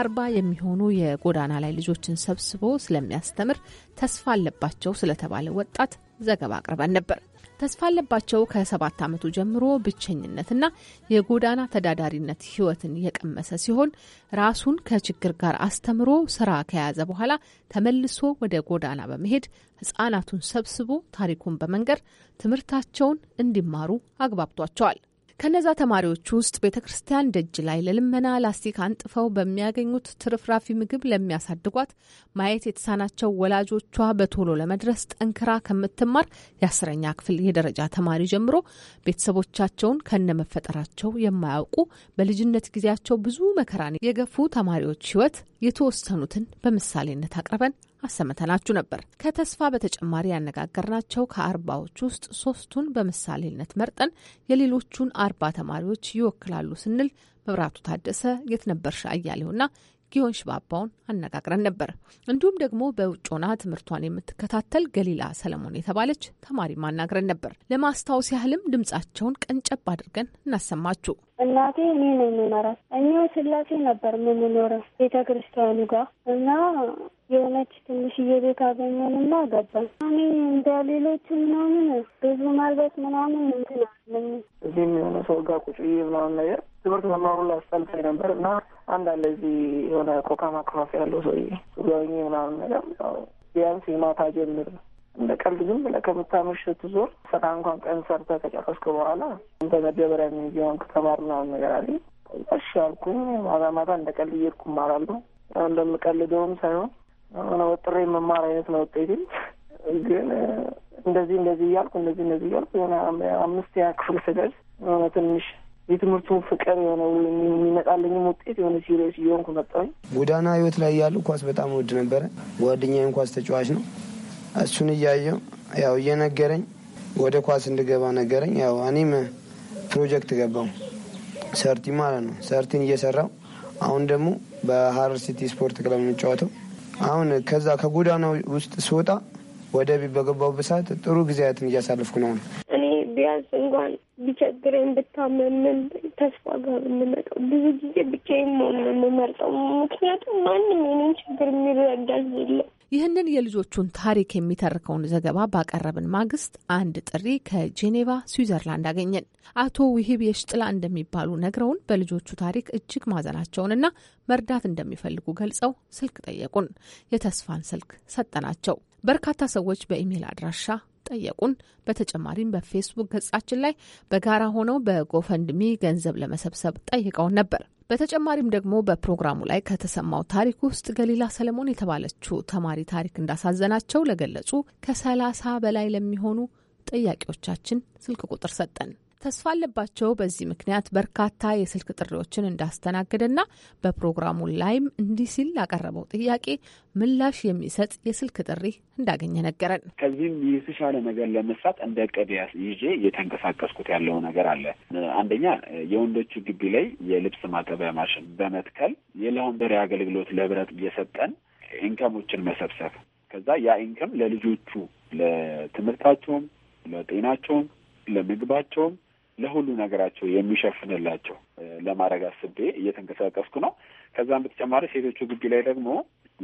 አርባ የሚሆኑ የጎዳና ላይ ልጆችን ሰብስቦ ስለሚያስተምር ተስፋ አለባቸው ስለተባለ ወጣት ዘገባ አቅርበን ነበር። ተስፋ አለባቸው ከሰባት ዓመቱ ጀምሮ ብቸኝነትና የጎዳና ተዳዳሪነት ህይወትን የቀመሰ ሲሆን ራሱን ከችግር ጋር አስተምሮ ስራ ከያዘ በኋላ ተመልሶ ወደ ጎዳና በመሄድ ህጻናቱን ሰብስቦ ታሪኩን በመንገር ትምህርታቸውን እንዲማሩ አግባብቷቸዋል። ከነዛ ተማሪዎች ውስጥ ቤተ ክርስቲያን ደጅ ላይ ለልመና ላስቲክ አንጥፈው በሚያገኙት ትርፍራፊ ምግብ ለሚያሳድጓት ማየት የተሳናቸው ወላጆቿ በቶሎ ለመድረስ ጠንክራ ከምትማር የአስረኛ ክፍል የደረጃ ተማሪ ጀምሮ ቤተሰቦቻቸውን ከነመፈጠራቸው የማያውቁ በልጅነት ጊዜያቸው ብዙ መከራን የገፉ ተማሪዎች ህይወት የተወሰኑትን በምሳሌነት አቅርበን አሰምተናችሁ ነበር። ከተስፋ በተጨማሪ ያነጋገርናቸው ከአርባዎች ውስጥ ሶስቱን በምሳሌነት መርጠን የሌሎቹን አርባ ተማሪዎች ይወክላሉ ስንል መብራቱ ታደሰ፣ የትነበርሽ አያሌውና ጊዮን ሽባባውን አነጋግረን ነበር። እንዲሁም ደግሞ በውጭ ሆና ትምህርቷን የምትከታተል ገሊላ ሰለሞን የተባለች ተማሪ ማናግረን ነበር። ለማስታወስ ያህልም ድምጻቸውን ቀንጨብ አድርገን እናሰማችሁ። እናቴ እኔ ነው የምመራት። እኛው ስላሴ ነበር የምንኖረው ቤተ ክርስቲያኑ ጋር እና የሆነች ትንሽዬ ቤት አገኘንና ገባን። እኔ እንደ ሌሎቹ ምናምን ብዙ ማልበት ምናምን እንትን አለኝ እዚህ የሆነ ሰው ጋር ቁጭ ምናምን ነገር ትምህርት መማሩ ላይ ላስጠልጠኝ ነበር እና አንድ አለ እዚህ የሆነ ኮካማ ክፋፍ ያለው ሰውዬ ሱጋኝ ምናምን ነገር ቢያንስ የማታ ጀምር እንደ ቀልድ ዝም ብለህ ከምታመሽ ስትዞር ስራ እንኳን ቀን ሰርተህ ከጨረስክ በኋላ እንደ መደበሪያ የሚሆን ተማር ምናምን ነገር አለኝ። እሺ አልኩኝ። ማታ ማታ እንደ ቀልድ እየሄድኩ እማራለሁ። እንደምቀልደውም ሳይሆን ሆነ ወጥሬ መማር አይነት ነው ውጤቴ ግን እንደዚህ እንደዚህ እያልኩ እንደዚህ እንደዚህ እያልኩ የሆነ አምስት ያ ክፍል ስደርስ የሆነ ትንሽ የትምህርቱ ፍቅር የሆነ የሚመጣልኝም ውጤት የሆነ ሲሪየስ እየሆንኩ መጣሁኝ። ጎዳና ህይወት ላይ ያሉ ኳስ በጣም ውድ ነበረ። ጓደኛዬም ኳስ ተጫዋች ነው። እሱን እያየው ያው እየነገረኝ ወደ ኳስ እንድገባ ነገረኝ። ያው እኔም ፕሮጀክት ገባው ሰርቲ ማለት ነው። ሰርቲን እየሰራው አሁን ደግሞ በሀረር ሲቲ ስፖርት ክለብ የሚጫወተው አሁን ከዛ ከጎዳና ውስጥ ስወጣ ወደ ቤት በገባው ብሳት ጥሩ ጊዜያትን እያሳለፍኩ ነው። ቢያንስ እንኳን ቢቸግረኝ ብታመምን ተስፋ ጋር ብንመጣው ብዙ ጊዜ ብቻዬን መሆን ነው የምመርጠው። ምክንያቱም ማንም የኔን ችግር የሚረዳኝ የለም። ይህንን የልጆቹን ታሪክ የሚተርከውን ዘገባ ባቀረብን ማግስት አንድ ጥሪ ከጄኔቫ ስዊዘርላንድ አገኘን። አቶ ውሂብ የሽጥላ እንደሚባሉ ነግረውን በልጆቹ ታሪክ እጅግ ማዘናቸውንና መርዳት እንደሚፈልጉ ገልጸው ስልክ ጠየቁን። የተስፋን ስልክ ሰጠናቸው። በርካታ ሰዎች በኢሜይል አድራሻ ጠየቁን። በተጨማሪም በፌስቡክ ገጻችን ላይ በጋራ ሆነው በጎፈንድሚ ገንዘብ ለመሰብሰብ ጠይቀውን ነበር። በተጨማሪም ደግሞ በፕሮግራሙ ላይ ከተሰማው ታሪክ ውስጥ ገሊላ ሰለሞን የተባለችው ተማሪ ታሪክ እንዳሳዘናቸው ለገለጹ ከሰላሳ በላይ ለሚሆኑ ጠያቂዎቻችን ስልክ ቁጥር ሰጠን። ተስፋ አለባቸው በዚህ ምክንያት በርካታ የስልክ ጥሪዎችን እንዳስተናገደና በፕሮግራሙ ላይም እንዲህ ሲል ላቀረበው ጥያቄ ምላሽ የሚሰጥ የስልክ ጥሪ እንዳገኘ ነገረን። ከዚህም የተሻለ ነገር ለመስራት እንደ ዕቅድ ይዤ እየተንቀሳቀስኩት ያለው ነገር አለ። አንደኛ የወንዶቹ ግቢ ላይ የልብስ ማጠቢያ ማሽን በመትከል የላውንደሪ አገልግሎት ለህብረት እየሰጠን ኢንከሞችን መሰብሰብ ከዛ ያ ኢንከም ለልጆቹ ለትምህርታቸውም፣ ለጤናቸውም፣ ለምግባቸውም ለሁሉ ነገራቸው የሚሸፍንላቸው ለማድረግ አስቤ እየተንቀሳቀስኩ ነው። ከዛም በተጨማሪ ሴቶቹ ግቢ ላይ ደግሞ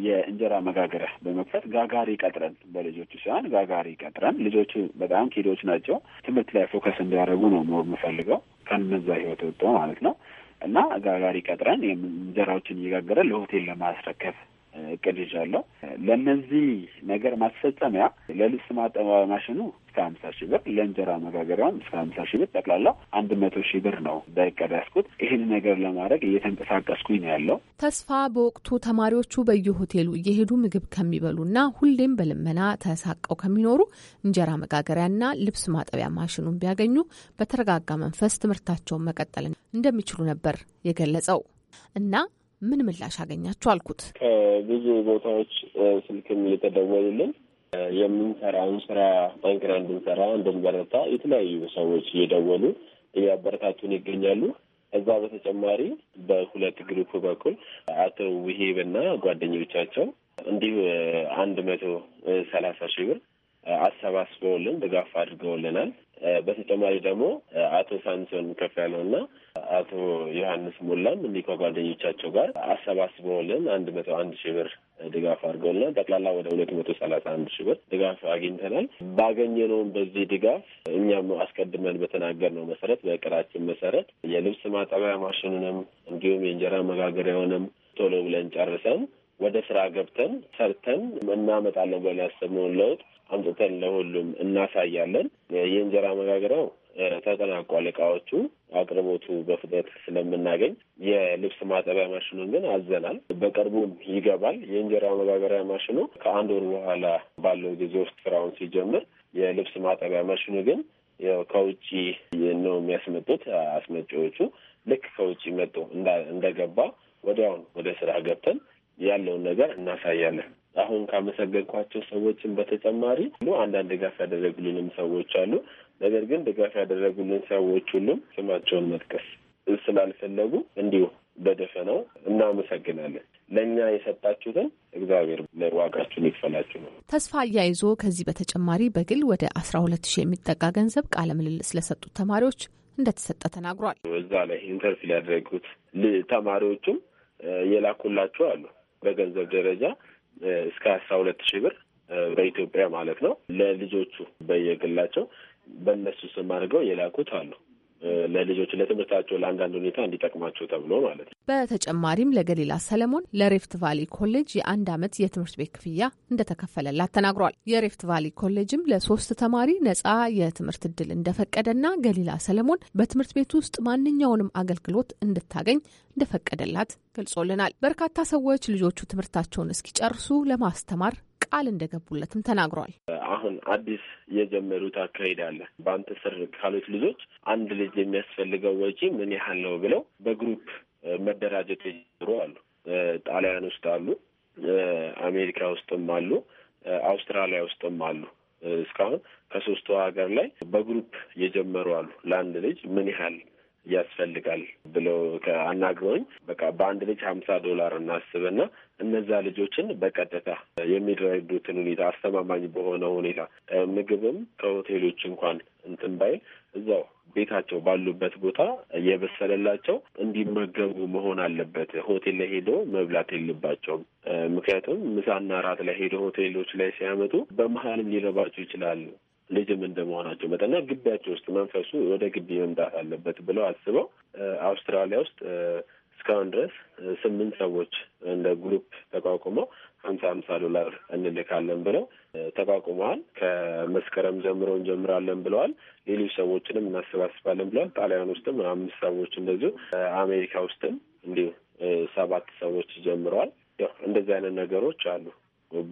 የእንጀራ መጋገሪያ በመክፈት ጋጋሪ ቀጥረን በልጆቹ ሳይሆን ጋጋሪ ቀጥረን ልጆቹ በጣም ኪዶች ናቸው። ትምህርት ላይ ፎከስ እንዲያደርጉ ነው ኖር የምፈልገው ከነዛ ህይወት ወጥቶ ማለት ነው እና ጋጋሪ ቀጥረን እንጀራዎችን እየጋገረን ለሆቴል ለማስረከብ እቅድ ይዣለሁ። ለእነዚህ ነገር ማስፈጸሚያ ለልብስ ማጠቢያ ማሽኑ እስከ ሀምሳ ሺህ ብር ለእንጀራ መጋገሪያውም እስከ ሀምሳ ሺህ ብር ጠቅላላ አንድ መቶ ሺህ ብር ነው በእቅድ ያስኩት። ይህን ነገር ለማድረግ እየተንቀሳቀስኩኝ ነው ያለው። ተስፋ በወቅቱ ተማሪዎቹ በየሆቴሉ እየሄዱ ምግብ ከሚበሉና ሁሌም በልመና ተሳቀው ከሚኖሩ እንጀራ መጋገሪያና ልብስ ማጠቢያ ማሽኑን ቢያገኙ በተረጋጋ መንፈስ ትምህርታቸውን መቀጠል እንደሚችሉ ነበር የገለጸው እና ምን ምላሽ አገኛችሁ? አልኩት። ከብዙ ቦታዎች ስልክም እየተደወሉልን የምንሰራውን ስራ ጠንክረን እንድንሰራ እንድንበረታ የተለያዩ ሰዎች እየደወሉ እያበረታቱን ይገኛሉ። እዛ በተጨማሪ በሁለት ግሩፕ በኩል አቶ ውሂብ ጓደኞቻቸው እንዲሁ አንድ መቶ ሰላሳ ሺህ ብር አሰባስበውልን ድጋፍ አድርገውልናል። በተጨማሪ ደግሞ አቶ ሳምሶን ከፍ ያለውና አቶ ዮሐንስ ሙላም እንዲህ ከጓደኞቻቸው ጋር አሰባስበውልን አንድ መቶ አንድ ሺህ ብር ድጋፍ አድርገውና ጠቅላላ ወደ ሁለት መቶ ሰላሳ አንድ ሺህ ብር ድጋፍ አግኝተናል። ባገኘነውም በዚህ ድጋፍ እኛም አስቀድመን በተናገርነው መሰረት በእቅዳችን መሰረት የልብስ ማጠቢያ ማሽኑንም እንዲሁም የእንጀራ መጋገሪያውንም ቶሎ ብለን ጨርሰን ወደ ስራ ገብተን ሰርተን እናመጣለን ብለን ያሰብነውን ለውጥ አምጥተን ለሁሉም እናሳያለን። የእንጀራ መጋገሪያው ተጠናቋል። እቃዎቹ አቅርቦቱ በፍጥነት ስለምናገኝ የልብስ ማጠቢያ ማሽኑን ግን አዘናል። በቅርቡም ይገባል። የእንጀራ መጋገሪያ ማሽኑ ከአንድ ወር በኋላ ባለው ጊዜ ውስጥ ስራውን ሲጀምር፣ የልብስ ማጠቢያ ማሽኑ ግን ከውጭ ነው የሚያስመጡት አስመጪዎቹ። ልክ ከውጭ መጡ እንደገባ ወዲያውን ወደ ስራ ገብተን ያለውን ነገር እናሳያለን። አሁን ካመሰገንኳቸው ሰዎችን በተጨማሪ አንዳንድ ጋፍ ያደረጉልንም ሰዎች አሉ። ነገር ግን ድጋፍ ያደረጉልን ሰዎች ሁሉም ስማቸውን መጥቀስ ስላልፈለጉ እንዲሁ በደፈነው እናመሰግናለን። ለእኛ የሰጣችሁትን እግዚአብሔር ዋጋችሁን ይክፈላችሁ ነው። ተስፋ አያይዞ ከዚህ በተጨማሪ በግል ወደ አስራ ሁለት ሺህ የሚጠጋ ገንዘብ ቃለ ምልልስ ለሰጡት ተማሪዎች እንደተሰጠ ተናግሯል። እዛ ላይ ኢንተርቪው ሊያደረጉት ተማሪዎቹም የላኩላቸው አሉ። በገንዘብ ደረጃ እስከ አስራ ሁለት ሺህ ብር በኢትዮጵያ ማለት ነው ለልጆቹ በየግላቸው በእነሱ ስም አድርገው የላኩት አሉ ለልጆች ለትምህርታቸው ለአንዳንድ ሁኔታ እንዲጠቅማቸው ተብሎ ማለት ነው። በተጨማሪም ለገሊላ ሰለሞን ለሬፍት ቫሊ ኮሌጅ የአንድ ዓመት የትምህርት ቤት ክፍያ እንደተከፈለላት ተናግሯል። የሬፍት ቫሊ ኮሌጅም ለሶስት ተማሪ ነጻ የትምህርት እድል እንደፈቀደና ገሊላ ሰለሞን በትምህርት ቤት ውስጥ ማንኛውንም አገልግሎት እንድታገኝ እንደፈቀደላት ገልጾልናል። በርካታ ሰዎች ልጆቹ ትምህርታቸውን እስኪጨርሱ ለማስተማር ቃል እንደገቡለትም ተናግሯል። አሁን አዲስ የጀመሩት አካሄድ አለ። በአንተ ስር ካሉት ልጆች አንድ ልጅ የሚያስፈልገው ወጪ ምን ያህል ነው ብለው በግሩፕ መደራጀት የጀመሩ አሉ። ጣሊያን ውስጥ አሉ፣ አሜሪካ ውስጥም አሉ፣ አውስትራሊያ ውስጥም አሉ። እስካሁን ከሶስቱ ሀገር ላይ በግሩፕ የጀመሩ አሉ። ለአንድ ልጅ ምን ያህል ያስፈልጋል ብለው አናግረውኝ፣ በቃ በአንድ ልጅ ሀምሳ ዶላር እናስብና እነዛ ልጆችን በቀጥታ የሚረዱትን ሁኔታ አስተማማኝ በሆነ ሁኔታ ምግብም ከሆቴሎች እንኳን እንትን ባይል እዛው ቤታቸው ባሉበት ቦታ እየበሰለላቸው እንዲመገቡ መሆን አለበት። ሆቴል ላይ ሄዶ መብላት የለባቸውም። ምክንያቱም ምሳና እራት ላይ ሄዶ ሆቴሎች ላይ ሲያመጡ በመሀልም ሊረባቸው ይችላሉ። ልጅም እንደመሆናቸው መጠና ግቢያቸው ውስጥ መንፈሱ ወደ ግቢ መምጣት አለበት ብለው አስበው አውስትራሊያ ውስጥ እስካሁን ድረስ ስምንት ሰዎች እንደ ግሩፕ ተቋቁመው ሀምሳ ሀምሳ ዶላር እንልካለን ብለው ተቋቁመዋል። ከመስከረም ጀምሮ እንጀምራለን ብለዋል። ሌሎች ሰዎችንም እናሰባስባለን ብለዋል። ጣሊያን ውስጥም አምስት ሰዎች እንደዚሁ፣ አሜሪካ ውስጥም እንዲሁ ሰባት ሰዎች ጀምረዋል። ያው እንደዚህ አይነት ነገሮች አሉ።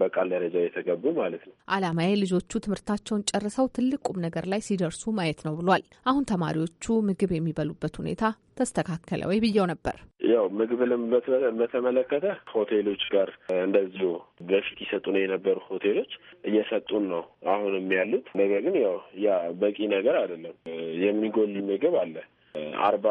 በቃል ደረጃ የተገቡ ማለት ነው። አላማዬ ልጆቹ ትምህርታቸውን ጨርሰው ትልቅ ቁም ነገር ላይ ሲደርሱ ማየት ነው ብሏል። አሁን ተማሪዎቹ ምግብ የሚበሉበት ሁኔታ ተስተካከለ ወይ ብየው ነበር። ያው ምግብንም በተመለከተ ሆቴሎች ጋር እንደዚሁ በፊት ነው የነበሩ ሆቴሎች እየሰጡን ነው አሁንም ያሉት። ነገር ግን ያው ያ በቂ ነገር አይደለም። የሚጎል ምግብ አለ አርባ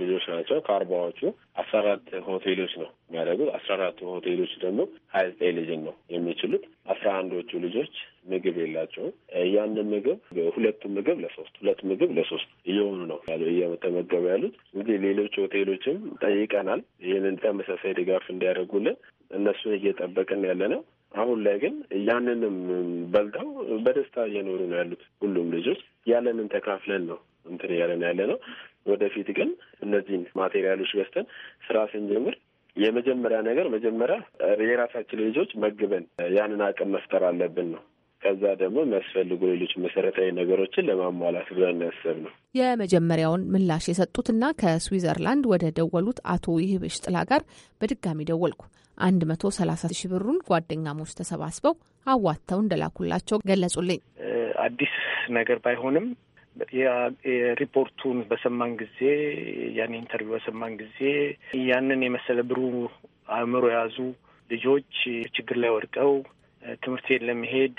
ልጆች ናቸው። ከአርባዎቹ አስራ አራት ሆቴሎች ነው የሚያደርጉት። አስራ አራቱ ሆቴሎች ደግሞ ሀያ ዘጠኝ ልጅን ነው የሚችሉት። አስራ አንዶቹ ልጆች ምግብ የላቸውም። ያንን ምግብ ሁለቱ ምግብ ለሶስት ሁለት ምግብ ለሶስት እየሆኑ ነው እየተመገቡ ያሉት። እንግዲህ ሌሎች ሆቴሎችም ጠይቀናል ይህንን ተመሳሳይ ድጋፍ እንዲያደርጉልን እነሱን እየጠበቅን ያለ ነው። አሁን ላይ ግን ያንንም በልተው በደስታ እየኖሩ ነው ያሉት ሁሉም ልጆች። ያለንን ተካፍለን ነው እንትን እያለን ያለ ነው። ወደፊት ግን እነዚህን ማቴሪያሎች ገዝተን ስራ ስንጀምር የመጀመሪያ ነገር መጀመሪያ የራሳችን ልጆች መግበን ያንን አቅም መፍጠር አለብን ነው። ከዛ ደግሞ የሚያስፈልጉ ሌሎች መሰረታዊ ነገሮችን ለማሟላት ብለን ያሰብ ነው። የመጀመሪያውን ምላሽ የሰጡትና ከስዊዘርላንድ ወደ ደወሉት አቶ ይህብሽ ጥላ ጋር በድጋሚ ደወልኩ። አንድ መቶ ሰላሳ ሺህ ብሩን ጓደኛሞች ተሰባስበው አዋጥተው እንደላኩላቸው ገለጹልኝ። አዲስ ነገር ባይሆንም ሪፖርቱን በሰማን ጊዜ ያን ኢንተርቪው በሰማን ጊዜ ያንን የመሰለ ብሩ አእምሮ የያዙ ልጆች ችግር ላይ ወድቀው ትምህርት ቤት ለመሄድ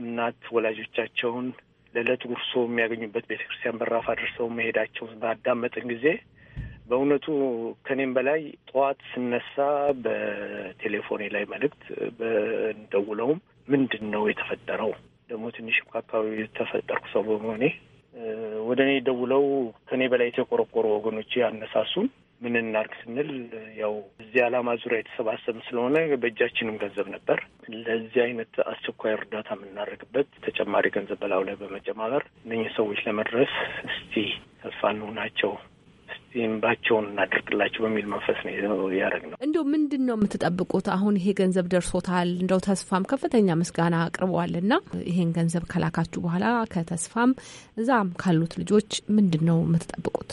እናት ወላጆቻቸውን ለዕለት ጉርሶ የሚያገኙበት ቤተ ክርስቲያን በራፍ አድርሰው መሄዳቸውን ባዳመጥን ጊዜ በእውነቱ ከኔም በላይ ጠዋት ስነሳ በቴሌፎኔ ላይ መልእክት በደውለውም ምንድን ነው የተፈጠረው ደግሞ ትንሽም ከአካባቢ የተፈጠርኩ ሰው በመሆኔ ወደ እኔ ደውለው ከኔ በላይ የተቆረቆሩ ወገኖች ያነሳሱን ምን እናርግ ስንል ያው እዚህ ዓላማ ዙሪያ የተሰባሰብን ስለሆነ በእጃችንም ገንዘብ ነበር። ለዚህ አይነት አስቸኳይ እርዳታ የምናደርግበት ተጨማሪ ገንዘብ በላዩ ላይ በመጨማበር እነኝህ ሰዎች ለመድረስ እስቲ ተስፋ እንሁናቸው ባቸውን እናደርግላቸው በሚል መንፈስ ነው ነው። እንደው ምንድን ነው የምትጠብቁት? አሁን ይሄ ገንዘብ ደርሶታል። እንደው ተስፋም ከፍተኛ ምስጋና አቅርበዋል እና ይሄን ገንዘብ ከላካችሁ በኋላ ከተስፋም እዛም ካሉት ልጆች ምንድን ነው የምትጠብቁት?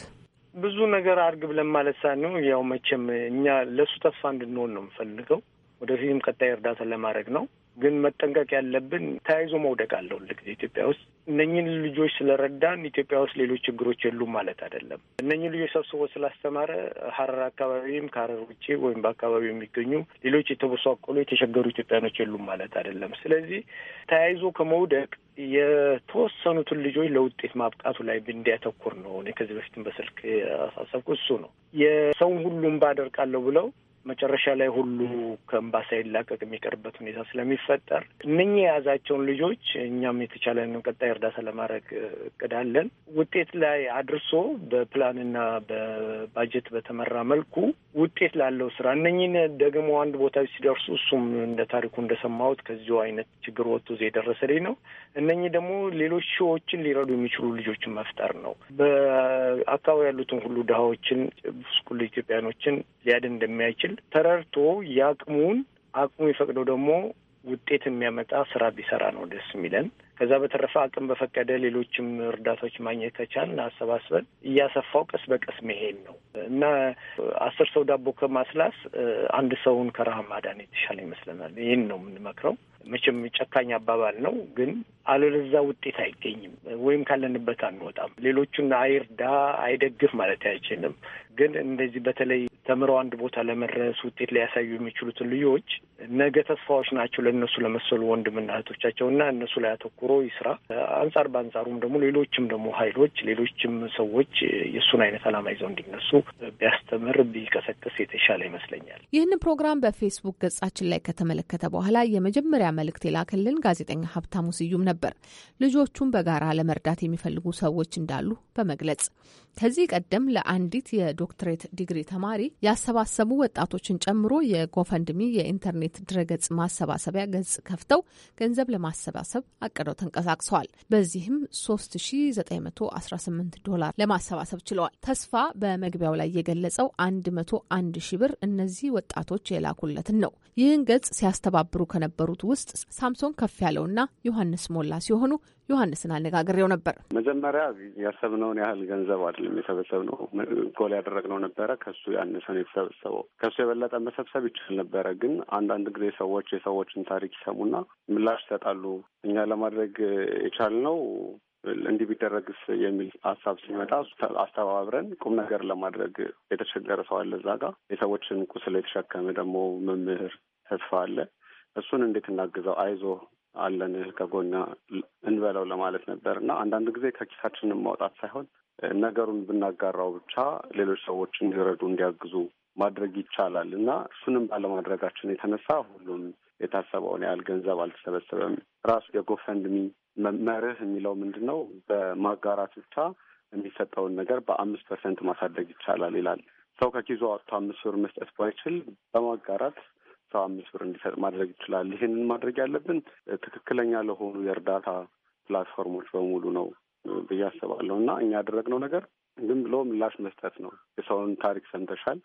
ብዙ ነገር አድርግ ብለን ማለት ሳይሆን ያው መቼም እኛ ለእሱ ተስፋ እንድንሆን ነው የምፈልገው ወደፊትም ቀጣይ እርዳታ ለማድረግ ነው። ግን መጠንቀቅ ያለብን ተያይዞ መውደቅ አለ ሁል ኢትዮጵያ ውስጥ። እነኝን ልጆች ስለረዳን ኢትዮጵያ ውስጥ ሌሎች ችግሮች የሉም ማለት አይደለም። እነኝን ልጆች ሰብስቦ ስላስተማረ ሀረር አካባቢም ከሀረር ውጭ ወይም በአካባቢው የሚገኙ ሌሎች የተበሳቆሉ የተቸገሩ ኢትዮጵያኖች የሉም ማለት አይደለም። ስለዚህ ተያይዞ ከመውደቅ የተወሰኑትን ልጆች ለውጤት ማብቃቱ ላይ እንዲያተኩር ነው። እኔ ከዚህ በፊትም በስልክ ያሳሰብኩ እሱ ነው። የሰውን ሁሉም ባደርቃለሁ ብለው መጨረሻ ላይ ሁሉ ከእምባሳ ይላቀቅ የሚቀርበት ሁኔታ ስለሚፈጠር እነኚህ የያዛቸውን ልጆች እኛም የተቻለንን ቀጣይ እርዳታ ለማድረግ እቅዳለን። ውጤት ላይ አድርሶ በፕላንና በባጀት በተመራ መልኩ ውጤት ላለው ስራ እነኚህን ደግሞ አንድ ቦታ ሲደርሱ እሱም እንደ ታሪኩ እንደሰማሁት ከዚሁ አይነት ችግር ወጥቶ የደረሰ ልኝ ነው። እነኚህ ደግሞ ሌሎች ሺዎችን ሊረዱ የሚችሉ ልጆችን መፍጠር ነው። በአካባቢ ያሉትን ሁሉ ድሃዎችን፣ ስኩል ኢትዮጵያኖችን ሊያድን እንደሚያይችል ተረድቶ የአቅሙን አቅሙ የፈቅደው ደግሞ ውጤት የሚያመጣ ስራ ቢሰራ ነው ደስ የሚለን። ከዛ በተረፈ አቅም በፈቀደ ሌሎችም እርዳታዎች ማግኘት ከቻልን አሰባስበን እያሰፋው ቀስ በቀስ መሄድ ነው እና አስር ሰው ዳቦ ከማስላስ አንድ ሰውን ከረሃብ ማዳን የተሻለ ይመስለናል። ይህን ነው የምንመክረው። መቼም ጨካኝ አባባል ነው፣ ግን አለለዛ ውጤት አይገኝም ወይም ካለንበት አንወጣም። ሌሎቹን አይርዳ አይደግፍ ማለት አይችልም። ግን እንደዚህ በተለይ ተምረው አንድ ቦታ ለመድረስ ውጤት ሊያሳዩ የሚችሉትን ልጆች ነገ ተስፋዎች ናቸው ለእነሱ ለመሰሉ ወንድምና እህቶቻቸው እና እነሱ ላይ አተኩሮ ይስራ። አንጻር በአንጻሩም ደግሞ ሌሎችም ደግሞ ኃይሎች ሌሎችም ሰዎች የእሱን አይነት ዓላማ ይዘው እንዲነሱ ቢያስተምር ቢቀሰቅስ የተሻለ ይመስለኛል። ይህን ፕሮግራም በፌስቡክ ገጻችን ላይ ከተመለከተ በኋላ የመጀመሪያ መልእክት የላከልን ጋዜጠኛ ሀብታሙ ስዩም ነበር። ልጆቹን በጋራ ለመርዳት የሚፈልጉ ሰዎች እንዳሉ በመግለጽ ከዚህ ቀደም ለአንዲት የዶክትሬት ዲግሪ ተማሪ ያሰባሰቡ ወጣቶችን ጨምሮ የጎፈንድሚ የኢንተርኔት ድረገጽ ማሰባሰቢያ ገጽ ከፍተው ገንዘብ ለማሰባሰብ አቅደው ተንቀሳቅሰዋል። በዚህም 3918 ዶላር ለማሰባሰብ ችለዋል። ተስፋ በመግቢያው ላይ የገለጸው 101 ሺ ብር እነዚህ ወጣቶች የላኩለትን ነው። ይህን ገጽ ሲያስተባብሩ ከነበሩት ውስጥ ሳምሶን ከፍ ያለውና ዮሐንስ ሞላ ሲሆኑ ዮሐንስን አነጋግሬው ነበር። መጀመሪያ ያሰብነውን ያህል ገንዘብ አለ የሰበሰብነው ጎል ያደረግነው ነበረ። ከሱ ያነሰ ነው የተሰበሰበው። ከሱ የበለጠ መሰብሰብ ይችል ነበረ። ግን አንዳንድ ጊዜ ሰዎች የሰዎችን ታሪክ ይሰሙና ምላሽ ይሰጣሉ። እኛ ለማድረግ የቻልነው እንዲህ ቢደረግስ የሚል ሀሳብ ሲመጣ አስተባብረን ቁም ነገር ለማድረግ የተቸገረ ሰው አለ እዛ ጋ የሰዎችን ቁስል የተሸከመ ደግሞ መምህር ተስፋ አለ። እሱን እንዴት እናግዘው አይዞ አለን ከጎና እንበለው ለማለት ነበር እና አንዳንድ ጊዜ ከኪሳችንን ማውጣት ሳይሆን ነገሩን ብናጋራው ብቻ ሌሎች ሰዎች እንዲረዱ እንዲያግዙ ማድረግ ይቻላል እና እሱንም ባለማድረጋችን የተነሳ ሁሉም የታሰበውን ያህል ገንዘብ አልተሰበሰበም። ራሱ የጎፈንድሚ መርህ የሚለው ምንድን ነው? በማጋራት ብቻ የሚሰጠውን ነገር በአምስት ፐርሰንት ማሳደግ ይቻላል ይላል። ሰው ከኪዞ አውጥቶ አምስት ብር መስጠት ባይችል በማጋራት ሰው አምስት ብር እንዲሰጥ ማድረግ ይችላል። ይህንን ማድረግ ያለብን ትክክለኛ ለሆኑ የእርዳታ ፕላትፎርሞች በሙሉ ነው። ብዬ አስባለሁ። እና እኛ ያደረግነው ነገር ዝም ብሎ ምላሽ መስጠት ነው። የሰውን ታሪክ ሰምተሻል።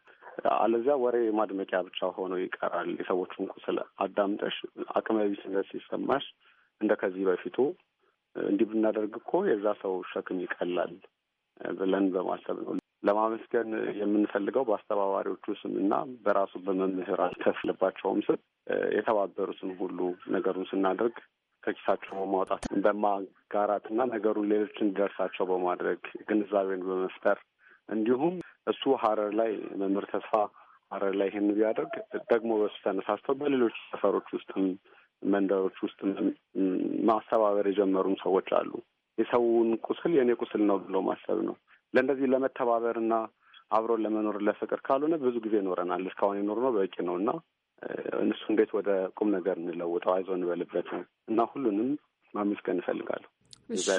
አለዚያ ወሬ ማድመቂያ ብቻ ሆኖ ይቀራል። የሰዎቹን ቁስል አዳምጠሽ አቅመ ቢስነት ሲሰማሽ እንደ ከዚህ በፊቱ እንዲህ ብናደርግ እኮ የዛ ሰው ሸክም ይቀላል ብለን በማሰብ ነው። ለማመስገን የምንፈልገው በአስተባባሪዎቹ ስም እና በራሱ በመምህር አልተፍልባቸውም ስም የተባበሩትን ሁሉ ነገሩን ስናደርግ ከኪሳቸው በማውጣት በማጋራት እና ነገሩን ሌሎች እንዲደርሳቸው በማድረግ ግንዛቤን በመፍጠር እንዲሁም እሱ ሀረር ላይ መምህር ተስፋ ሀረር ላይ ይህን ቢያደርግ ደግሞ በሱ ተነሳስተው በሌሎች ሰፈሮች ውስጥም መንደሮች ውስጥ ማስተባበር የጀመሩም ሰዎች አሉ። የሰውን ቁስል የእኔ ቁስል ነው ብሎ ማሰብ ነው። ለእንደዚህ ለመተባበርና አብሮን ለመኖር ለፍቅር ካልሆነ ብዙ ጊዜ ይኖረናል። እስካሁን የኖርነው በቂ ነው እና እነሱ እንዴት ወደ ቁም ነገር እንለውጠው፣ አይዞ እንበልበት እና ሁሉንም ማመስገን እፈልጋለሁ። ዛ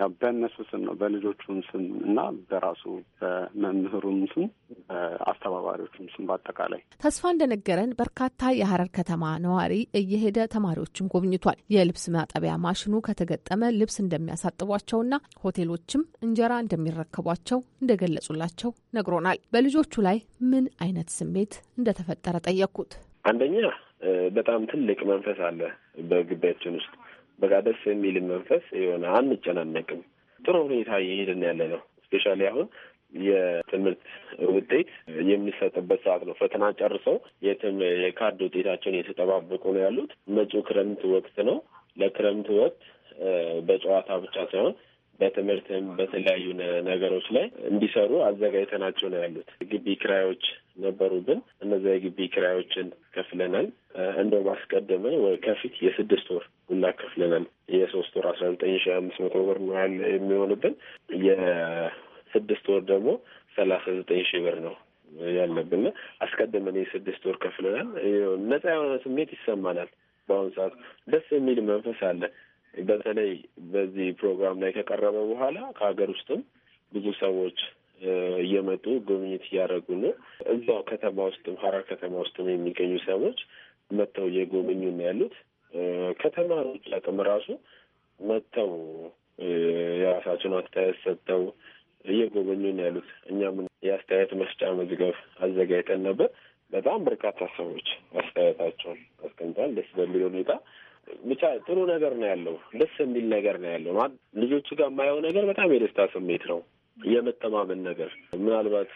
ያው በእነሱ ስም ነው በልጆቹም ስም እና በራሱ በመምህሩም ስም በአስተባባሪዎቹም ስም በአጠቃላይ። ተስፋ እንደነገረን በርካታ የሀረር ከተማ ነዋሪ እየሄደ ተማሪዎችን ጎብኝቷል። የልብስ ማጠቢያ ማሽኑ ከተገጠመ ልብስ እንደሚያሳጥቧቸውና ሆቴሎችም እንጀራ እንደሚረከቧቸው እንደገለጹላቸው ነግሮናል። በልጆቹ ላይ ምን አይነት ስሜት እንደተፈጠረ ጠየቅኩት። አንደኛ በጣም ትልቅ መንፈስ አለ በግቢያችን ውስጥ በቃ ደስ የሚልን መንፈስ የሆነ አንጨናነቅም። ጥሩ ሁኔታ እየሄድን ያለ ነው። እስፔሻሊ አሁን የትምህርት ውጤት የሚሰጥበት ሰዓት ነው። ፈተና ጨርሰው የካርድ ውጤታቸውን የተጠባበቁ ነው ያሉት። መጪው ክረምት ወቅት ነው። ለክረምት ወቅት በጨዋታ ብቻ ሳይሆን በትምህርትም በተለያዩ ነገሮች ላይ እንዲሰሩ አዘጋጅተናቸው ነው ያሉት። ግቢ ክራዮች ነበሩብን። እነዚያ የግቢ ክራዮችን ከፍለናል። እንደውም አስቀድመን ከፊት የስድስት ወር ከፍለናል። የሶስት ወር አስራ ዘጠኝ ሺ አምስት መቶ ብር ነው ያለ የሚሆንብን። የስድስት ወር ደግሞ ሰላሳ ዘጠኝ ሺ ብር ነው ያለብን። አስቀድመን የስድስት ወር ከፍለናል። ነፃ የሆነ ስሜት ይሰማናል። በአሁኑ ሰዓት ደስ የሚል መንፈስ አለ። በተለይ በዚህ ፕሮግራም ላይ ከቀረበ በኋላ ከሀገር ውስጥም ብዙ ሰዎች እየመጡ ጉብኝት እያደረጉ ነው። እዛው ከተማ ውስጥም ሀረር ከተማ ውስጥም የሚገኙ ሰዎች መጥተው እየጎበኙ ነው ያሉት። ከተማሪዎች አቅም ራሱ መጥተው የራሳቸውን አስተያየት ሰጥተው ነው ያሉት እኛም የአስተያየት መስጫ መዝገብ አዘጋጅተን ነበር። በጣም በርካታ ሰዎች አስተያየታቸውን አስቀምጠዋል። ደስ በሚል ሁኔታ ብቻ ጥሩ ነገር ነው ያለው። ደስ የሚል ነገር ነው ያለው። ልጆቹ ጋር የማየው ነገር በጣም የደስታ ስሜት ነው። የመተማመን ነገር ምናልባት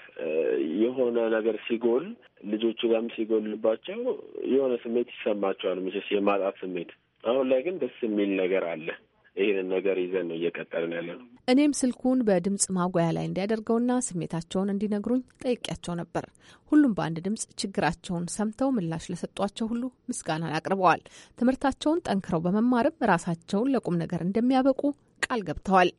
የሆነ ነገር ሲጎል ልጆቹ ጋርም ሲጎልባቸው የሆነ ስሜት ይሰማቸዋል። መቼስ የማጣት ስሜት። አሁን ላይ ግን ደስ የሚል ነገር አለ። ይህንን ነገር ይዘን ነው እየቀጠልን ያለ ነው። እኔም ስልኩን በድምፅ ማጉያ ላይ እንዲያደርገውና ስሜታቸውን እንዲነግሩኝ ጠይቄያቸው ነበር። ሁሉም በአንድ ድምፅ ችግራቸውን ሰምተው ምላሽ ለሰጧቸው ሁሉ ምስጋና አቅርበዋል። ትምህርታቸውን ጠንክረው በመማርም ራሳቸውን ለቁም ነገር እንደሚያበቁ ቃል ገብተዋል።